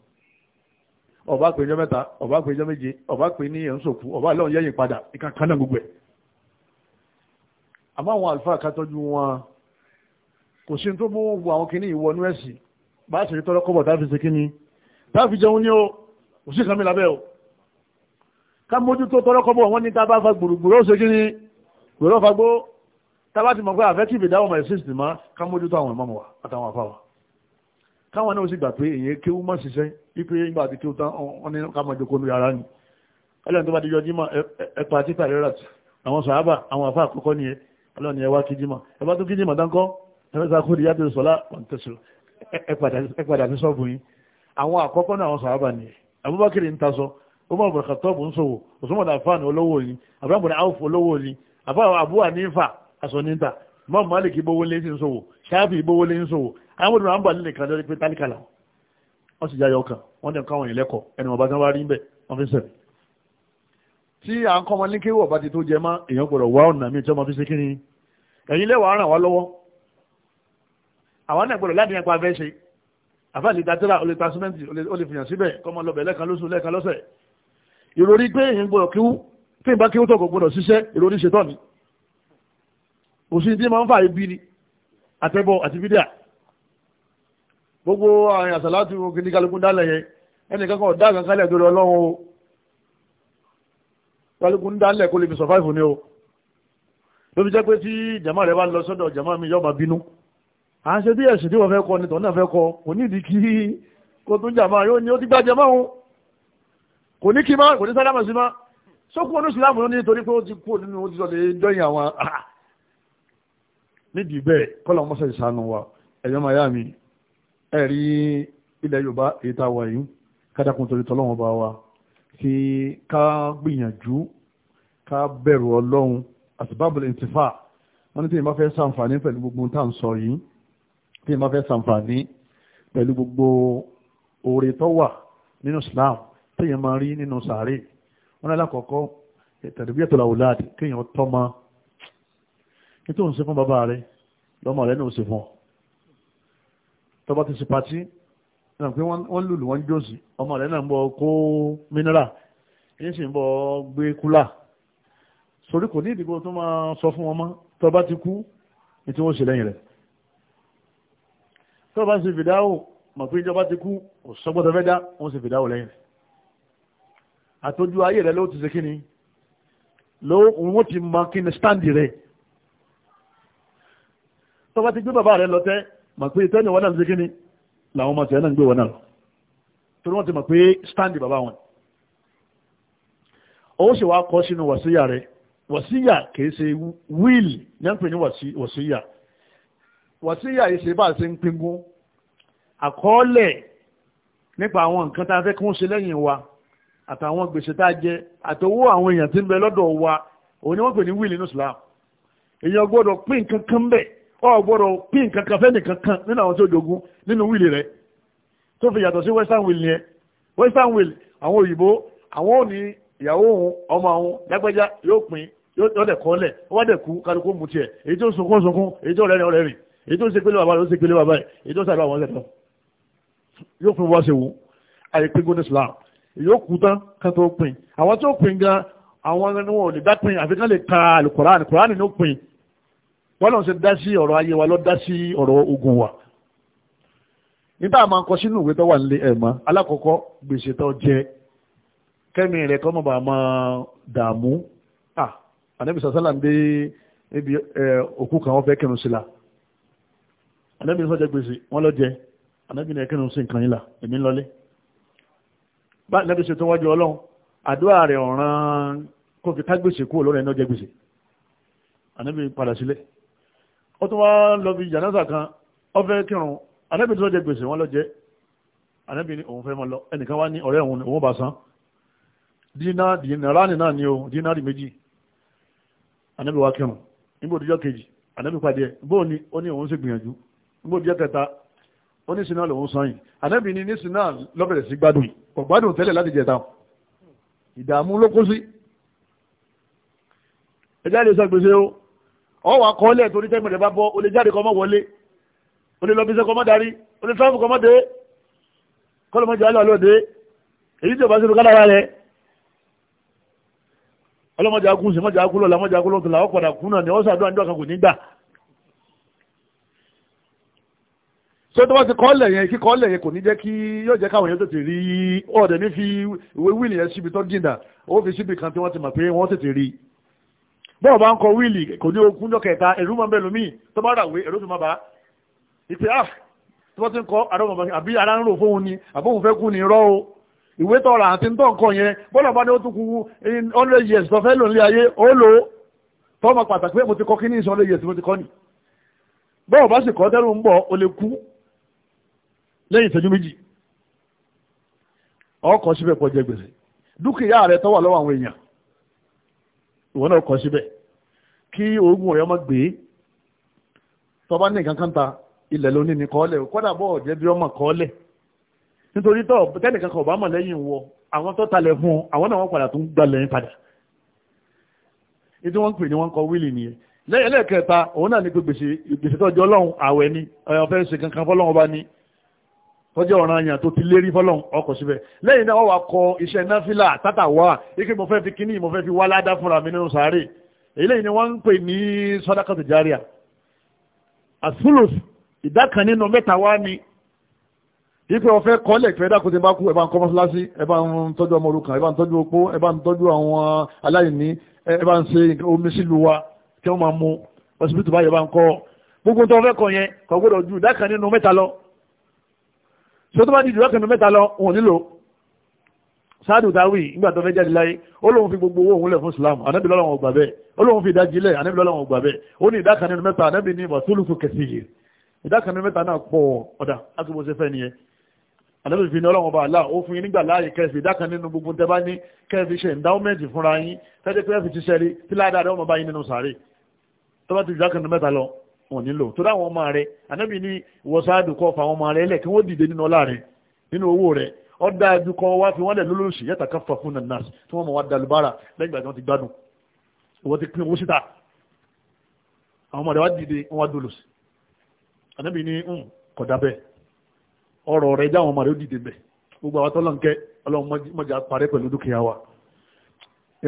ọba pè jọ mẹ́ta ọba pè jọ méje ọba pè ní ẹ̀ńsòkú ọba lọ́n yẹ́yìn padà ìka kanáà gbogbo ẹ̀ àmọ́ àwọn àlùfáà ká tọ́jú wọn kò sí tó mú gbogbo àwọn kìíní ìwọnú ẹ̀sì bá a ṣe tọ́lọ́ kọ́bọ̀ táfi ṣe kíní táfi jẹun ní o kò sí kan mi o ká mójútó tọ́lọ́ kọ́bọ̀ wọn ní tá a bá fa gbòrògbòrò ṣe kíní gbòrò fagbó tá a bá ti mọ̀ pé àfẹ́ tí ìbèdáwọ̀ mọ̀ ẹ̀sìn wa àtàwọn àfáwà káwọn náà sì gbà pé èyí kéwú má ṣiṣẹ́ wípé nígbà àti kéwú tán wọn ní ká ní yàrá ni ẹlẹ́ni tó bá dijọ́ jímọ̀ ẹ̀pà títà rẹ̀ ràt àwọn sàábà àwọn àfa àkọ́kọ́ ni ẹ ọlọ́ni ẹ wá kí jímọ̀ ẹ bá tún kí jímọ̀ dáńkọ́ ẹ fẹ́ sàkó ìyá tó sọlá ẹ padà ni Abubakar ń tasọ Umar bin Khattab ń sòwò Usman Affan olówó ni Abdulrahman Auf olówó ni Abu Hanifa asọ̀nìta Imam Malik ibowó lé sí ń sòwò Shafi ibowó lé àwọn olùrànwọ́ bọ̀ nílẹ̀ kan lórí pé tálíkà làwọn wọ́n sì yáyọ ọkàn wọ́n ní nǹkan àwọn èèyàn lẹ́kọ̀ọ́ ẹni wọn bá tán bá rí bẹ́ẹ̀ wọ́n fi ń sẹ̀mí. tí à ń kọ́ ọmọ ní kéwọ̀ bá ti tó jẹ mọ́ èèyàn gbọ́dọ̀ wá ọ̀nà mi tí ọmọ fi ṣe kí ni ẹ̀yin lẹ́wọ̀ ràn wá lọ́wọ́ àwọn náà gbọ́dọ̀ láti pa fẹ́ ṣe àfáà lè olè ta olè fìyàn síbẹ̀ kọ́mọ ni òsì tí máa ń gbogbo àyìn àsàlátù kìíní kálukú dálẹ̀ yẹn ẹnìkan kan ọ̀dá kan kálẹ̀ torí ọlọ́run o kálukú ń dálẹ̀ kó lè fi survive ni o ló fi jẹ́ pé tí jàmá rẹ̀ bá lọ sọ́dọ̀ jàmá mi yó máa bínú à ń ṣe bí ẹ̀sìn tí wọ́n fẹ́ kọ ni tọ́nà fẹ́ kọ kò ní ìdí kí kó tún jàmá yóò ní ó ti gbá jàmá òun kò ní kí má kò ní sálámà sí má sókú onú ìsìlámù ní torí pé ó ti kú nínú ó ti sọ lè dọ́yìn àwọn nídìí bẹ́ẹ̀ kọ́lá ọmọ sẹ́yìn wa ẹ̀yọ́ máa yá mi ẹ̀rí ilẹ̀ yorùbá èyí tá a wà yìí kádàkùn torí tọ́lọ́wọ́n bá wa kí ká gbìyànjú ká bẹ̀rù ọlọ́run àsìbábùlẹ̀ ìtìfà wọ́n ní tí ìbá fẹ́ sàǹfààní pẹ̀lú gbogbo tá à ń sọ yìí tí ìbá fẹ́ sàǹfààní pẹ̀lú gbogbo oore tó wà nínú islam téèyàn máa rí nínú sàárè wọ́n ní alákọ̀ọ́kọ́ tẹ̀lébíyàtọ̀ làwùláàdì kéèyàn tọ́ ma kí tó ń ṣe fún bàbá rẹ lọ́mọ rẹ náà ṣe fún ọ tó bá ti ṣe patí náà pé wọ́n lùlù wọ́n jòsì ọmọ rẹ̀ náà ń bọ̀ kó mineral èyí sì ń bọ̀ gbé kúlà sórí kò ní ìdìbò tó máa sọ fún wọn mọ́ tó bá ti kú ní tí wọ́n ṣe lẹ́yìn rẹ̀ tó bá ṣe fìdáwò mọ̀ pé ìjọba ti kú kò sọ́gbọ́dọ̀ fẹ́ dá wọ́n ṣe fìdáwò lẹ́yìn rẹ̀ àtọ́jú ayé rẹ̀ ló ti ṣe kíni ló wọ́n ti mọ kíni stáǹdì rẹ̀ tó ti gbé bàbá rẹ̀ lọ tẹ́ mọ̀ pé tẹ́ni wọ́n náà ń ṣe kí ni làwọn ọmọ tẹ̀ náà ń gbé wọn náà lọ torí wọ́n ti mọ̀ pé stand bàbá wọn ó sì wá kọ́ sínú wàsíyà rẹ̀ wàsíyà kìí ṣe wíìlì ní ń pè ní wàsíyà wàsíyà yìí ṣe bá ṣe ń pingun àkọọ́lẹ̀ nípa àwọn nǹkan tá a fẹ́ kí wọ́n ṣe lẹ́yìn wa àtàwọn gbèsè tá a jẹ àtọwọ́ àwọn èèyàn tí ń bẹ lọ́dọ̀ wa òun ni wọ́n pè ní wíìlì ní Islam èèyàn gbọ́dọ̀ pín nǹkan kan bẹ́ẹ̀ ọ gbọ́dọ̀ pín nǹkan kan fẹ́ni kankan nínú àwọn tí ó jogún nínú wíìlì rẹ̀ tó fi yàtọ̀ sí western will yẹn western will àwọn òyìnbó àwọn ò ní ìyàwó òun ọmọ àwọn lágbẹ́já yóò pín yóò dẹ̀ kọ́lẹ̀ wọ́n dẹ̀ kú kálukú mu tiẹ̀ èyí tó sunkún sunkún èyí tó rẹ́rìn ọ̀rẹ́rìn èyí tó ń sepele bàbá rẹ̀ ó sepele bàbá rẹ̀ èyí tó sàdó àwọn ọ̀sẹ̀ tán yóò pín wá sí wù àìpégun Islam yóò kú tán ká tó pín àwọn tó pín gan àwọn ẹni wọn ò lè dá pín àfi ká lè ka Al-Qur'an Al-Qur'an ni ó pín bọ́lọ̀ ṣe dá sí ọ̀rọ̀ ayé wa lọ dá sí ọ̀rọ̀ ogun wa nígbà máa ń kọ sínú ìwé tó wà nílé ẹ̀mọ́ alákọ̀ọ́kọ́ gbèsè tó jẹ kẹ́mi rẹ̀ kọ́ mọ̀ bá máa dààmú à ànábì sàṣálà ń dé níbi òkú kan wọ́n fẹ́ kírun sí la ànábì sọ́jà gbèsè wọ́n lọ jẹ ànábì rẹ̀ sí nǹkan yìí là èmi lọlé bá ànábì tó wájú ọlọ́run àdúrà rẹ̀ ọ̀ràn kó fi ká gbèsè kúrò lọ́rẹ̀ náà jẹ gbèsè ànábì padà sílẹ̀ ó tún wá lọ bí jànáza kan ó fẹ́ kírun anábì tó jẹ gbèsè wọn lọ jẹ anábì ni òun fẹ́ mọ lọ ẹnìkan wá ní ọ̀rẹ́ òun òun bá san dínà dínàránì náà ni o dínàrì méjì anábì wá kírun níbo òdìjọ́ kejì anábì pàdé ẹ̀ bó ni ó ní òun sì gbìyànjú níbo òdìjọ́ kẹta ó ní sinna lòun san yìí anábì ni ní sinna lọ́bẹ̀rẹ̀ sí gbádùn kò gbádùn tẹ́lẹ̀ láti jẹta ìdààmú ló kó sí ẹjá lè sọ gbèsè o ọwọ́ akọọ́lẹ̀ torí tẹ́gbọ̀n rẹ̀ bá bọ́ o lè jáde kọ́ mọ́ wọlé o lè lọ bí sẹ́kọ́ mọ́ darí o lè tíráfù kọ́ mọ́ dé kọ́lọ̀ mọ́ jẹ́ alọ́ lóde èyí tí o bá sínú kálára rẹ̀ ọlọ́mọdé akún sí mọ́jà akún lọ́la mọ́jà akún lọ́tún làwọn padà kún náà ni ọ́ sàdúrà ní ọ̀kan kò ní gbà ṣé tó bá ti kọ́ọ̀lẹ̀ yẹn kí kọ́ọ̀lẹ̀ yẹn kò ní jẹ́ kí yóò jẹ́ káwọn yẹn tètè rí ọ̀dẹ̀ ní fi ìwé wíìlì yẹn síbi tó jìnnà ó fi síbi kan tí wọ́n ti mọ̀ pé wọ́n tètè rí i bọ́ọ̀ bá kọ wíìlì kò ní okun jọ kẹta ẹ̀rú máa ń bẹ̀ lómi tó bá ràwé ẹ̀rú tó máa bá ìpè ah tó bá ti ń kọ àdọ́gbọ̀n bá àbí ara ń rò fóun ni àbóhun fẹ́ kú ni rọ́ o ìwé tọrọ àti ń tọ́ nǹkan yẹn bọ́ọ̀lù ó tún kú tó fẹ́ lò nílé ayé ó lò ni bọ́ọ̀ bá sì kọ́ ìwọ náà kọ síbẹ̀ kí oògùn rẹ̀ ọmọ gbé tọba ní nǹkan kan ta ilẹ̀ lónìí ní kọ́ọ́lẹ̀ kọ́dà bọ́ ọ̀jẹ́ bí ọmọ kọ́ọ́lẹ̀ nítorí tọ́ tẹ́nìkan kan ọ̀bá mọ̀ lẹ́yìn wọ àwọn tó talẹ̀ fún àwọn náà wọ́n padà tó ń gbà lẹ́yìn padà ètò wọ́n pè ní wọ́n kọ wíìlì nìyẹn lẹ́yìn ẹlẹ́ẹ̀kẹta òun náà ní gbèsè gbèsè tọ́jú ọlọ́run àwẹ̀ ni ọ̀yàn fẹ́ ṣe kankan fọ́lọ́run ọba ni tọ́jọ́ ọ̀ràn àyàn tó ti lérí fọ́lọ́n ọkọ̀ síbẹ̀ lẹ́yìn náà wọ́n wá kọ iṣẹ́ náfìlà tátàwá ike mo fẹ́ fi kíní mo fẹ́ fi wá ládá fúnra mi nínú sàárè eléyìí ni wọ́n ń pè ní sọ́dákàtà járíà àsúlùs ìdá kan nínú mẹ́ta wá ni ife ọ̀fẹ́ kọ́lẹ̀ ìfẹ́ dákun ti bá kú ẹ bá ń kọ́ mọ́sálásí ẹ bá ń tọ́jú ọmọ òrukàn ẹ bá ń tọ́jú opó ẹ bá ń tọ́jú àwọn aláìní ẹ bá ń ṣe omi sílùú wa kí wọ́n máa mú ọsibítù báyìí bá ń kọ́ gbogbo tó fẹ́ kọ yẹn kò gbọ́dọ̀ ju ìdá kan nínú mẹ́ta lọ tó tó bá di ìdúrọ́kẹ́ mi mẹ́ta lọ òun nílò sáàdù dáwì nígbà tó fẹ́ jáde láyé ó lóun fi gbogbo owó òun lẹ̀ fún islam anábì lọ́lọ́wọ́n ògbà bẹ́ẹ̀ ó lóun fi ìdajì lẹ̀ anábì lọ́lọ́wọ́n ògbà bẹ́ẹ̀ ó ní ìdákan nínú mẹ́ta anábì ní ìbọ̀ sólùkù kẹsì yìí ìdákan nínú mẹ́ta náà pọ̀ ọ̀dà látìbọ̀sẹ̀ fẹ́ nìyẹn anábì fi ní ọlọ́wọ́n bá aláà ó fún yín nígbà láàyè kẹsì ìdákan nínú gbogbo tẹ bá ní kẹfì ṣe ìndáwọ́mẹ́ǹtì fúnra yín fẹ́ẹ́ wọn nílò tó dáwọn ọmọ rẹ anábì ní wọ́sáàdù kọ́ fàwọn ọmọ rẹ lẹ̀ kí wọ́n dìde nínú ọlá rẹ nínú owó rẹ ọ̀dà ẹ̀dù kọ́ wá fi wọ́n lẹ̀ lólóòsì yàtà ká fà fún nàás tí wọ́n mọ̀ wá dalùbárà lẹ́yìn ìgbà tí wọ́n ti gbádùn ìwọ́n ti pín owó síta àwọn ọmọ rẹ wá dìde wọ́n wá dolòsì anábì ní ń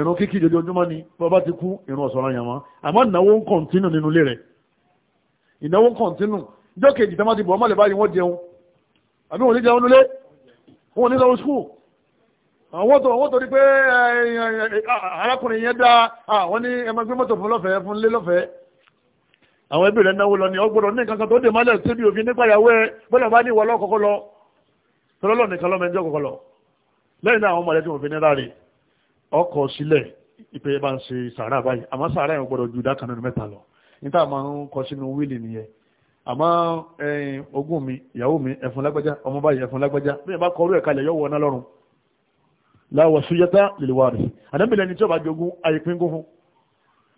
hmm, kíkí jojoojúmọ́ ni bọ́bá ti kú ìrun ọ̀sán ọ̀ranyàn àmọ́ ìnáwó ń kọ̀ntínù nínú ilé rẹ̀ ìnáwó kọ̀ǹtínù ìjọ kejì tó máa ti bọ̀ ọmọ lè báyìí wọ́n jẹun àbí wọn ò ní jẹun nílé wọn ò ní lọ skul àwọn tó àwọn tó rí pé arákùnrin yẹn dá àwọn ní ẹ máa gbé mọ́tò fún lọ́fẹ̀ẹ́ fún lé lọ́fẹ̀ẹ́ àwọn ẹbí rẹ̀ náwó lọ ní ọgbọ́dọ̀ ní nǹkan kan tó dè mọ́lẹ̀ síbi òfin nípa ìyàwó ẹ bọ́lá bá ní ìwọ lọ́kọ̀ọ́kọ́ lọ tọ́lọ́lọ́ nìkan lọ́mọ ẹjọ́ kọ̀ọ̀kọ́ lọ lẹ́yìn náà àwọn ọmọ rẹ̀ tí mo fi ọkọ̀ sílẹ̀ ìpè bá ń ṣe sàárà báyìí àmọ́ sàárà yẹn gbọ́dọ̀ ju dákan mẹ́ta lọ níta máa ń kọ sínú wíìlì nìyẹn àmọ́ ogún mi ìyàwó mi ẹ̀fún lágbájá ọmọ báyìí ẹ̀fún lágbájá bí ẹ bá kọ orú ẹ̀ kalẹ̀ yọ̀wọ̀ ọ̀nà lọ́rùn láwọ̀ súyẹ́tà lè wà rẹ̀ àdẹ́bìlẹ̀ ni tí ó bá jogún àìpín gún fún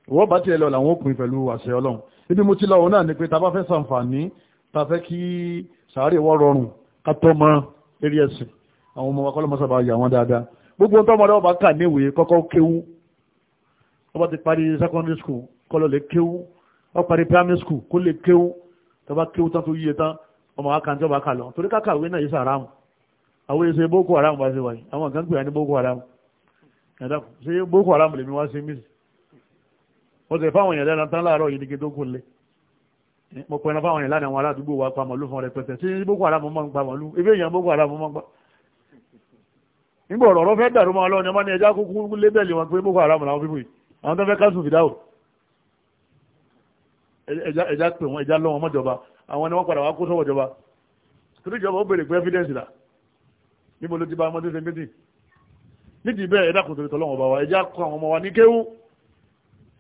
ìwọ́ bá tiẹ̀ lọ làwọn òpin pẹ̀lú àṣẹ ọlọ́run ibi mo ti lọ òun náà ni pé ta bá fẹ́ sàǹfààní ta fẹ́ kí sàárè wọ́ rọrùn ká tọ́ mọ eré ẹ̀sìn àwọn ọmọ wakọ́lọ́ mọ́sàbà yà wọ́n dáadáa gbogbo tọ́ ọmọdé ọba kà níwèé kọ́kọ́ kéwú ọba ti parí secondary school kọ́lọ́ kéwú wọ́n parí primary school kó lè kéwú tọba kéwú tán tó yíye tán ọmọ wa kàn tí ọba kà lọ torí káka ìwé náà yìí sàrámù àwọn èso boko haram wá sí wáyé àwọn kan gbìyànjú boko haram ẹ̀dá ṣe boko haram lèmi wá sí mísì wọ́n tẹ̀ fáwọn èèyàn lẹ́nu tán láàárọ̀ yìí ní tó kó lé mo pẹ̀lú fáwọn èèyàn lánàá àwọn wa pa màlúù fún rẹpẹtẹ sí boko haram mọ́ ń pa màlúù ebí èèyàn boko haram mọ́ ń pa nígbà ọ̀rọ̀ fẹ́ dàrú mọ́ ọlọ́run ẹ má ní ẹja ẹja pè wọn ẹja lọ wọn mọ́jọba àwọn ni wọ́n padà wá kó sọ́wọ́ ìjọba torí ìjọba ó béèrè pé evidence là níbo ló ti bá ọmọdé ṣe méjì nídìí bẹ́ẹ̀ ẹ̀dá kò torí tọ́lọ́wọ́n bá wa ẹja kọ àwọn ọmọ wa ní kéwú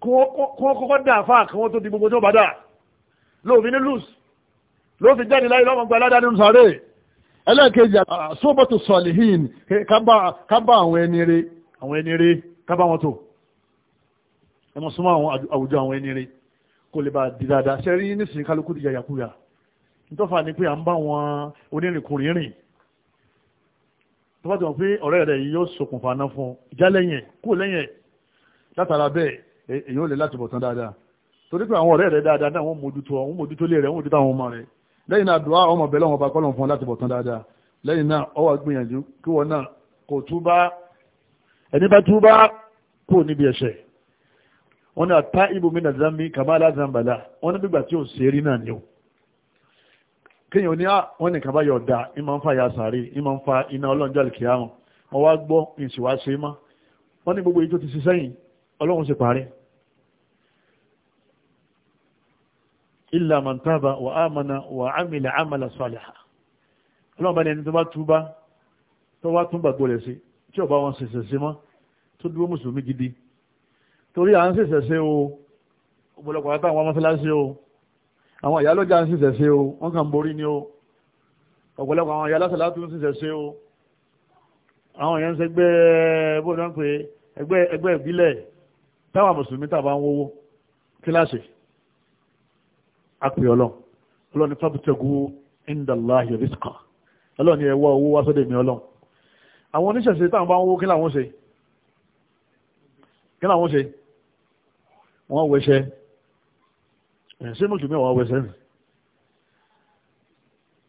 kí wọ́n kọ́kọ́ dà fáà kí wọ́n tó di gbogbo tó bá dà lóòfin ní lùs lóòfin jáde láyé lọ́mọ gba aládàá nínú sáré ẹlẹ́ẹ̀kejì sóbọ̀tò sọ̀lìhìn kábà àwọn ẹni rẹ̀ àwọn ẹni rẹ̀ kábà wọn tó ẹ mọ̀ súnmọ́ àwọn àwùjọ àwọn ẹni rẹ̀ kò lè bá di dáadáa ṣe rí nísìnyí kálukú ti yàyàkúyà nítọ́fà ni pé à ń bá wọn onírìnkùnrin rìn tó bá ti wọn pé ọ̀rẹ́ rẹ̀ yìí yóò ṣokùnfà náà fún ìjà lẹ́yìn kú lẹ́yìn látara bẹ́ẹ̀ e, èyí ò lè láti bọ̀ tán dáadáa torí pé àwọn ọ̀rẹ́ rẹ̀ dáadáa náà wọ́n mójútó àwọn mójútó lé rẹ̀ wọ́n mójútó àwọn ọmọ rẹ̀ lẹ́yìn náà dùá ọmọ bẹ́ẹ̀ lọ́wọ́ bá kọ́lọ̀ fún láti bọ̀ tán dáadáa lẹ́yìn náà ó gbìyànjú kí wọ́n náà kò túbá ẹni bá túbá kò níbi ẹ̀ṣẹ̀ wọ́n ní àtá ìbò mi nàzámi kàmáàlá zambala wọ́n ní gbígbà tí ò sí eré náà ni ó kíyàn ní ah, wọ́n ní kàbáyọ̀ ọ̀dà ìmọ̀ ń fa ya sàárè ìmọ̀ ń fa iná ọlọ́njọ́ àlùkìyà wọn wọ́n wá gbọ́ ìsìwá ṣe mọ́ wọ́n ní gbogbo ìjó ti ṣiṣẹ́ yìí ọlọ́run ṣe parí illa man taba wa amana wa amila amala saliha ọlọ́run bá ní ẹni tó bá túbá torí à ń ṣẹ̀ṣẹ̀ ṣe o ọ̀pọ̀lọpọ̀ àti àwọn mọ́sálásí o àwọn ìyálọ́jà ń ṣẹ̀ṣẹ̀ ṣe o wọ́n kàn borí ni o ọ̀pọ̀lọpọ̀ àwọn ìyálásàlá tún ń ṣẹ̀ṣẹ̀ ṣe o àwọn èèyàn ń ṣẹgbẹ́ bóyá ń pè ẹgbẹ́ ẹgbẹ́ ìbílẹ̀ táwọn mùsùlùmí tàbá ń wówó kíláàsì àpè ọlọ́run ọlọ́run fábùtẹ́gù indalahi kí làwọn ṣe wọ́n wẹsẹ̀ ẹ̀ ṣé mùsùlùmí àwọn wẹsẹ̀ nì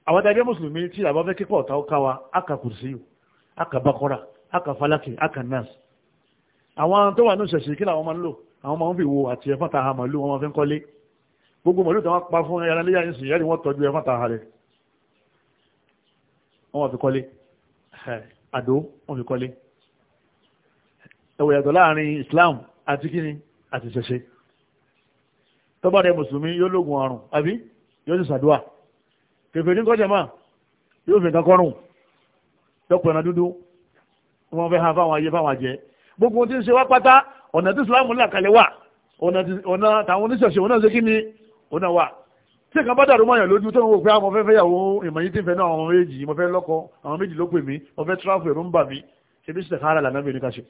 àwọn adájẹ́ mùsùlùmí tí àbá fẹ́ kíkọ́ ọ̀tá ọ̀ká wa aka kùrìsíyù aka bakọ́ra aka falaki aka nas àwọn tó wà ní ìṣẹ̀ṣẹ̀ kí làwọn máa ń lò àwọn máa ń fi wo àti ẹ̀fọ́n ta ha màálù wọn máa fi ń kọ́lé gbogbo màálù tó wọ́n pa fún ẹran léyà ń sìn yẹ́rì wọ́n tọ́jú ẹ̀fọ́n ta ha wọ́n fi kọ́lé àdó wọ́n fi kọ́lé ẹ̀wọ̀ yàtọ̀ láàrin Islam àti kíni àti ṣẹṣẹ tó bá dé mùsùlùmí yóò lógun àrùn àbí yóò sì ṣàdúà kèfè ní kọjá máa yóò fi nǹkan kọrùn tọpọ̀ ẹ̀nà dúdú wọn fẹ́ ha fáwọn ayé fáwọn àjẹ́ gbogbo tí ń ṣe wá pátá ọ̀nà tí Islam là kalẹ̀ wà ọ̀nà tàwọn oníṣẹ̀ṣẹ̀ òun náà ṣe kí ni òun náà wà tí nǹkan bá dàrú mọ́yàn lójú tó ń wò pé àwọn ah, fẹ́ fẹ́yàwó ìmọ̀ yìí tí ń fẹ́ náà àwọn méjì mo fẹ́ lọ́kọ àwọn méjì ló pè mí mo fẹ́ tíráfù ẹ̀rú ń bà mí ṣe bí sìtẹ̀kára lànà mi ní ká ṣe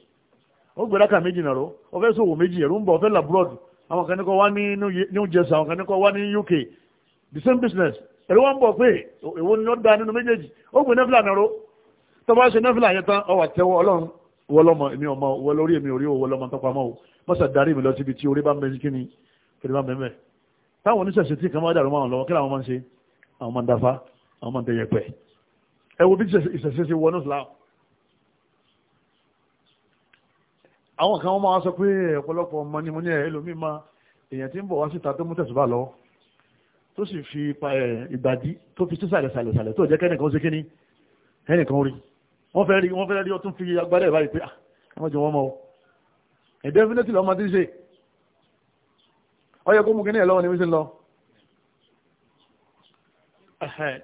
ó gbé rákà méjì nàró ó fẹ́ sòwò méjì ẹ̀rú ń bọ̀ ó fẹ́ labroad àwọn kan ní kọ́ wá ní New Jersey àwọn kan ní kọ́ wá ní UK the same business ẹ̀rú wọn bọ̀ pé èwo ni ó da nínú méjèèjì ó gbé nẹ́fìlà nàró tó bá ṣe nẹ́fìlà yẹn tán ó wá tẹ́wọ́ ọlọ́run wọlọ́mọ èmi ọmọ wọlórí èmi orí wọlọ́mọ tó pamọ́ o mọ́sà darí mi lọ síbi tí orí bá mẹ́rin kí ni kiri bá mẹ́mẹ́ táwọn oníṣẹ̀ṣẹ̀ tí kan máa dàrú máa lọ kí làwọn máa ń ṣe àwọn máa ń dafa àwọn máa ń tẹ̀yẹ̀pẹ̀ ẹ wo bí ìṣẹ̀ṣẹ̀ ṣe wọnú ìsìlámù àwọn kan wọ́n máa sọ pé ọ̀pọ̀lọpọ̀ ọmọ ni mo ní ẹ̀ lómi ma èèyàn tí ń bọ̀ wá síta tó mú tẹ̀sùbà lọ tó sì fi ìgbàdí tó fi sísàlẹ̀ sàlẹ̀ sàlẹ̀ tó jẹ́ kẹ́nìkan ó ṣe kíní ẹnìkan rí wọ́n fẹ́ rí wọ́n fẹ́ rí ọtún fi agbára ẹ̀ báyìí pé àwọn ah, jọ wọ́n mọ́ ẹ̀dẹ́ fínẹ́tì lọ́mọ tí ń ṣe ọyọ kó mú kíní ẹ̀ lọ́wọ́ ni wíṣẹ́ lọ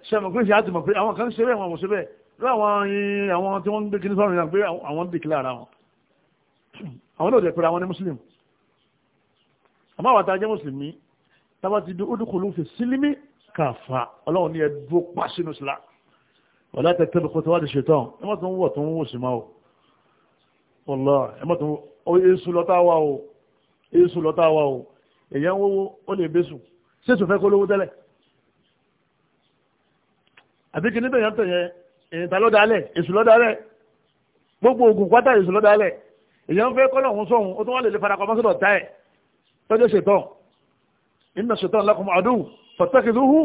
sẹ́mi kí n ṣe àtìmọ̀ pé àwọn kan ṣe bẹ́ẹ̀ wọn mọ̀ ṣe bẹ́ẹ̀ lọ́wọ́ àwọn tí wọ́n ń gbé kíní sọ́run yàn pé àwọn ń dìkìlà ara wọn àwọn náà dẹ̀pẹ̀rẹ̀ àwọn ní muslim àmọ́ àwọn àtàjẹ́ mùsùlùmí tábà ti di udkhulu fi sílímì kàfà ọlọ́run ní ẹdúró pa sínú sílá ọ̀lá tẹ̀tẹ̀ bí kòtò wá di ṣètàn ẹ má tún wọ̀ tó ń wò sí máa o ọlọ́ ẹ má tún èsù lọ́tà wà o èsù lọ́tà wà o èyàn ń wọ́wọ́ ó lè bẹ́sù ṣéṣù fẹ́ kó lówó tẹ́lẹ̀ àbí kí níbẹ̀ yẹn tẹ̀yẹ èyí ta lọ́dà alẹ̀ èsù lọ́dà alẹ̀ gbogbo ògùn pátá èsù èèyàn fẹ́ kọ́ lọ́hún sóhun ó tún wá lè lè farakọ mọ́sọ̀dọ̀ tá ẹ̀ tọ́jú ṣètọ́ inna ṣètọ́ lakum àdúù fọ̀tẹ́kìdúhù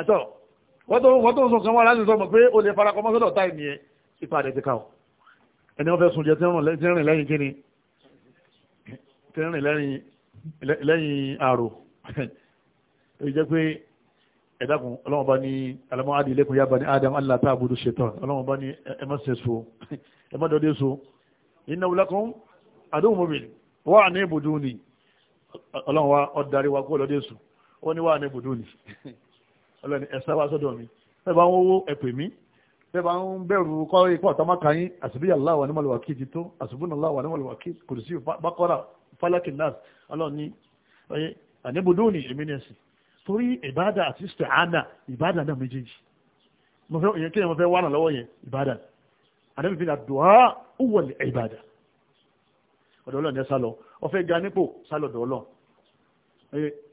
àtọ́ wọ́n tó ń sọ kan wá láti sọ mọ̀ pé ó lè farakọ mọ́sọ̀dọ̀ tá ẹ̀ nìyẹn ipa rẹ̀ ti ká o ẹni wọ́n fẹ́ sun jẹ tí ń rìn lẹ́yìn kíni tí ń rìn lẹ́yìn àrò ó jẹ́ pé ẹ̀dàkùn ọlọ́run bá ní alamọ́ adìlẹ́kùn yá bá ní adam allah ta'budu ṣètọ́ ọlọ́run bá ní ẹmọ́ sẹ́sọ ẹmọ́ dọ́dẹ́ so innahu lakum aduwwun mubin wà ní ibùdó ni ọlọ́run wa ọ̀darí wa kó lọ́dẹ èṣù ó ní wà ní ibùdó ni ọlọ́ni ẹ̀sẹ̀ wa sọ́dọ̀ mi bẹ́ẹ̀ bá ń wó ẹ̀pẹ̀ mi bẹ́ẹ̀ bá ń bẹ̀rù kọ́ ipò àtọ́mọ́ka yín àṣìbíyà láwà ní mọ̀lúwàkì ti tó àṣìbúnà láwà ní mọ̀lúwàkì kò sí bákọ́rà fálákì náà ọlọ́ni ọyẹ àníbùdó ni èmi ní ẹ̀sìn torí ìbádà àti ìsìtẹ̀hánà ìbádà náà méjèèjì kí ni mo fẹ́ wà náà lọ́wọ́ yẹn ìbádà àdébìbí ni àdùá ó wọlé ìbàdà ọ̀dọ̀ ọlọ́run yẹn sálọ ọ̀fẹ́ ga nípò sálọ̀dọ̀ ọlọ́run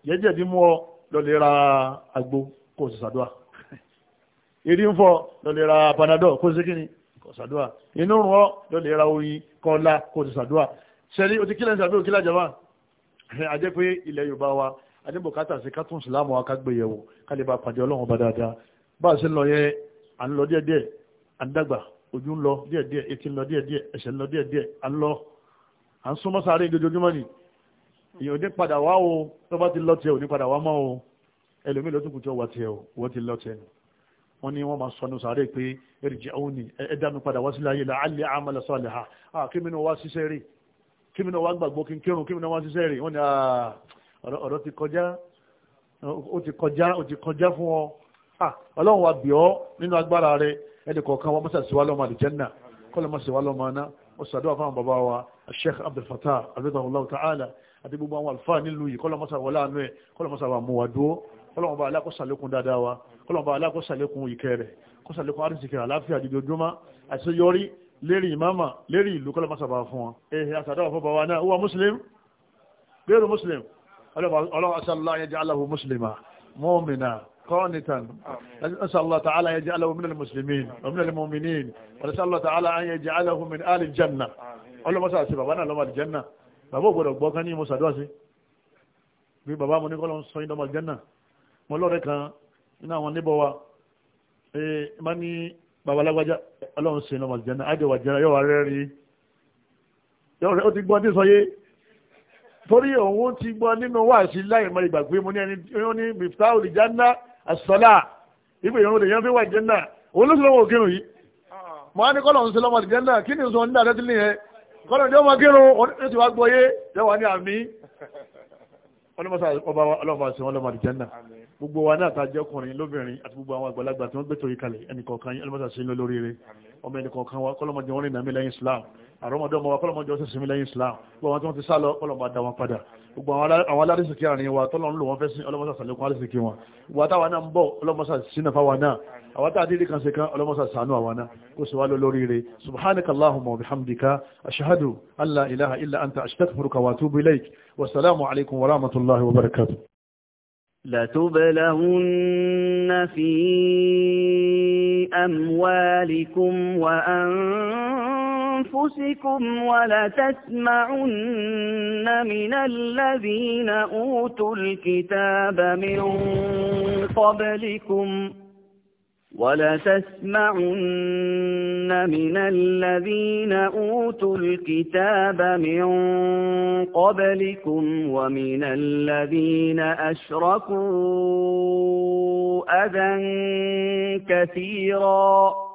yẹ́jẹ̀ ní mú ọ lọ́lẹ́ ra agbo kò sì sàdúà ìrí ń fọ lọ́lẹ́ ra panadol kò sí kíni kò sàdúà inú rún ọ lọ́lẹ́ ra oyin kọ́lá kò sì sàdúà sẹ́ni o ti kílẹ̀ sàbí òkílẹ̀ jama ajẹ́ pé ilẹ̀ yorùbá wa adébòkátà sí kátún sùlámù wa kágbé yẹ̀wò kálíbà pàdé ọlọ́run bá dáadáa bá a sì lọ yẹn à ń lọ díẹ̀díẹ̀ à ń dàgbà ojú ń lọ díẹ̀díẹ̀ etí ń lọ díẹ̀díẹ̀ ẹ̀ṣẹ̀ ń lọ díẹ̀díẹ̀ à ń lọ à ń súnmọ́ sáré ojoojúmọ́ ni èèyàn ò ní padà wá o tó bá ti lọ tiẹ̀ ò ní padà wá mọ́ o ẹlòmíì ló tún kù tí ó wà tiẹ̀ o wọ́n ti lọ tiẹ̀ ni wọ́n ní wọ́n máa sọnù sáré pé irji'uni ẹ dá mi padà wá sílẹ̀ ayé la alli amala salihan kí mi kí mi náà wá gbàgbọ́ kí kí mi náà wá ṣiṣẹ́ ẹni kọ̀ọ̀kan wa mọ́sà síwá lọ́mọ àlìjẹ́nà kọ́lọ̀ mọ́sà síwá lọ́mọ aná wọ́n sàdúrà fáwọn bàbá wa sheikh abdul fatah abdullahu ta'ala àti gbogbo àwọn àlùfáà nílùú yìí kọ́lọ̀ mọ́sà wọlé àánú ẹ̀ kọ́lọ̀ mọ́sà wà mú wa dúró kọ́lọ̀ wọn bá aláàkó sàlékún dáadáa wa kọ́lọ̀ wọn bá aláàkó sàlékún ìkẹ́ rẹ̀ kó sàlékún àrísìkẹ́ àláfíà dídí ojúmọ́ àṣeyọrí lérí ìmáàmà lérí ìlú kọ́lọ̀ mọ́sà bá fún wọn. ehe àsàdáwà fún bàbá náà wà muslim gbèrú muslim ọlọ́wọ́ asàlá yẹn jẹ́ muslima mọ́mìnà قانتا نسأل الله تعالى يجعله من المسلمين ومن المؤمنين ونسأل الله تعالى أن يجعله من آل الجنة قال له مسأل سبب وانا لما الجنة bàbá ògbọ́dọ̀ gbọ́ kan ní mọ́sà dọ́sí bí bàbá mo ní kọ́ lọ sọ ìdọ́mà jẹ́nà mo lọ́rẹ̀ kan nínú àwọn níbọ̀ wa ee ma ní bàbá alágbájá ọlọ́run sí ìdọ́mà jẹ́nà àjọ wà jẹ́nà yọ̀wà rẹ̀ rí ó ti gbọ́ ní sọyé torí òun ti gbọ́ nínú wàásí láì mọ ìgbà pé mo ní ẹni ó ní mìftáwòlì jánná àṣọlá ìpè ìrún lè yẹn fi wà jẹ́nà òun ló sì lọ́wọ́ òkèrún yìí mo á ní kọ́lọ̀ ń ṣe lọ́mọ jẹ́nà kí ni sọ nígbà tẹ́tí nìyẹn kọ́lọ̀ jẹ́ ọmọ kírun ó ti wá gbọ́ yé yẹ́wà ní àmì ọlọ́mọsá ọba ọlọ́mọ àti ọlọ́mọ àdìjẹ́nà gbogbo wa náà tàjẹ́ ọkùnrin lóbìnrin àti gbogbo àwọn àgbàlagbà tí wọ́n gbé torí ọmọ wa kọ́lọ́mọdé wọn rìn lẹ́yìn Islam àrọ́mọdé ọmọ tí wọ́n ti sá lọ kọ́lọ́mọ àdá padà gbogbo àwọn alárìsìkí àrin wa tọ́lọ̀ ń lò wọ́n fẹ́ sí ọlọ́mọ́sà sàlékún alárìsìkí wọn wà táwà náà ń bọ̀ ọlọ́mọ́sà sínú fáwà náà àwọn tàà dídí kan sí kan ọlọ́mọ́sà لتبلغن في أموالكم وأنفسكم أنفسكم ولتسمعن من الذين أوتوا الكتاب من قبلكم ولتسمعن من الذين أوتوا الكتاب من قبلكم ومن الذين أشركوا أذى كثيراً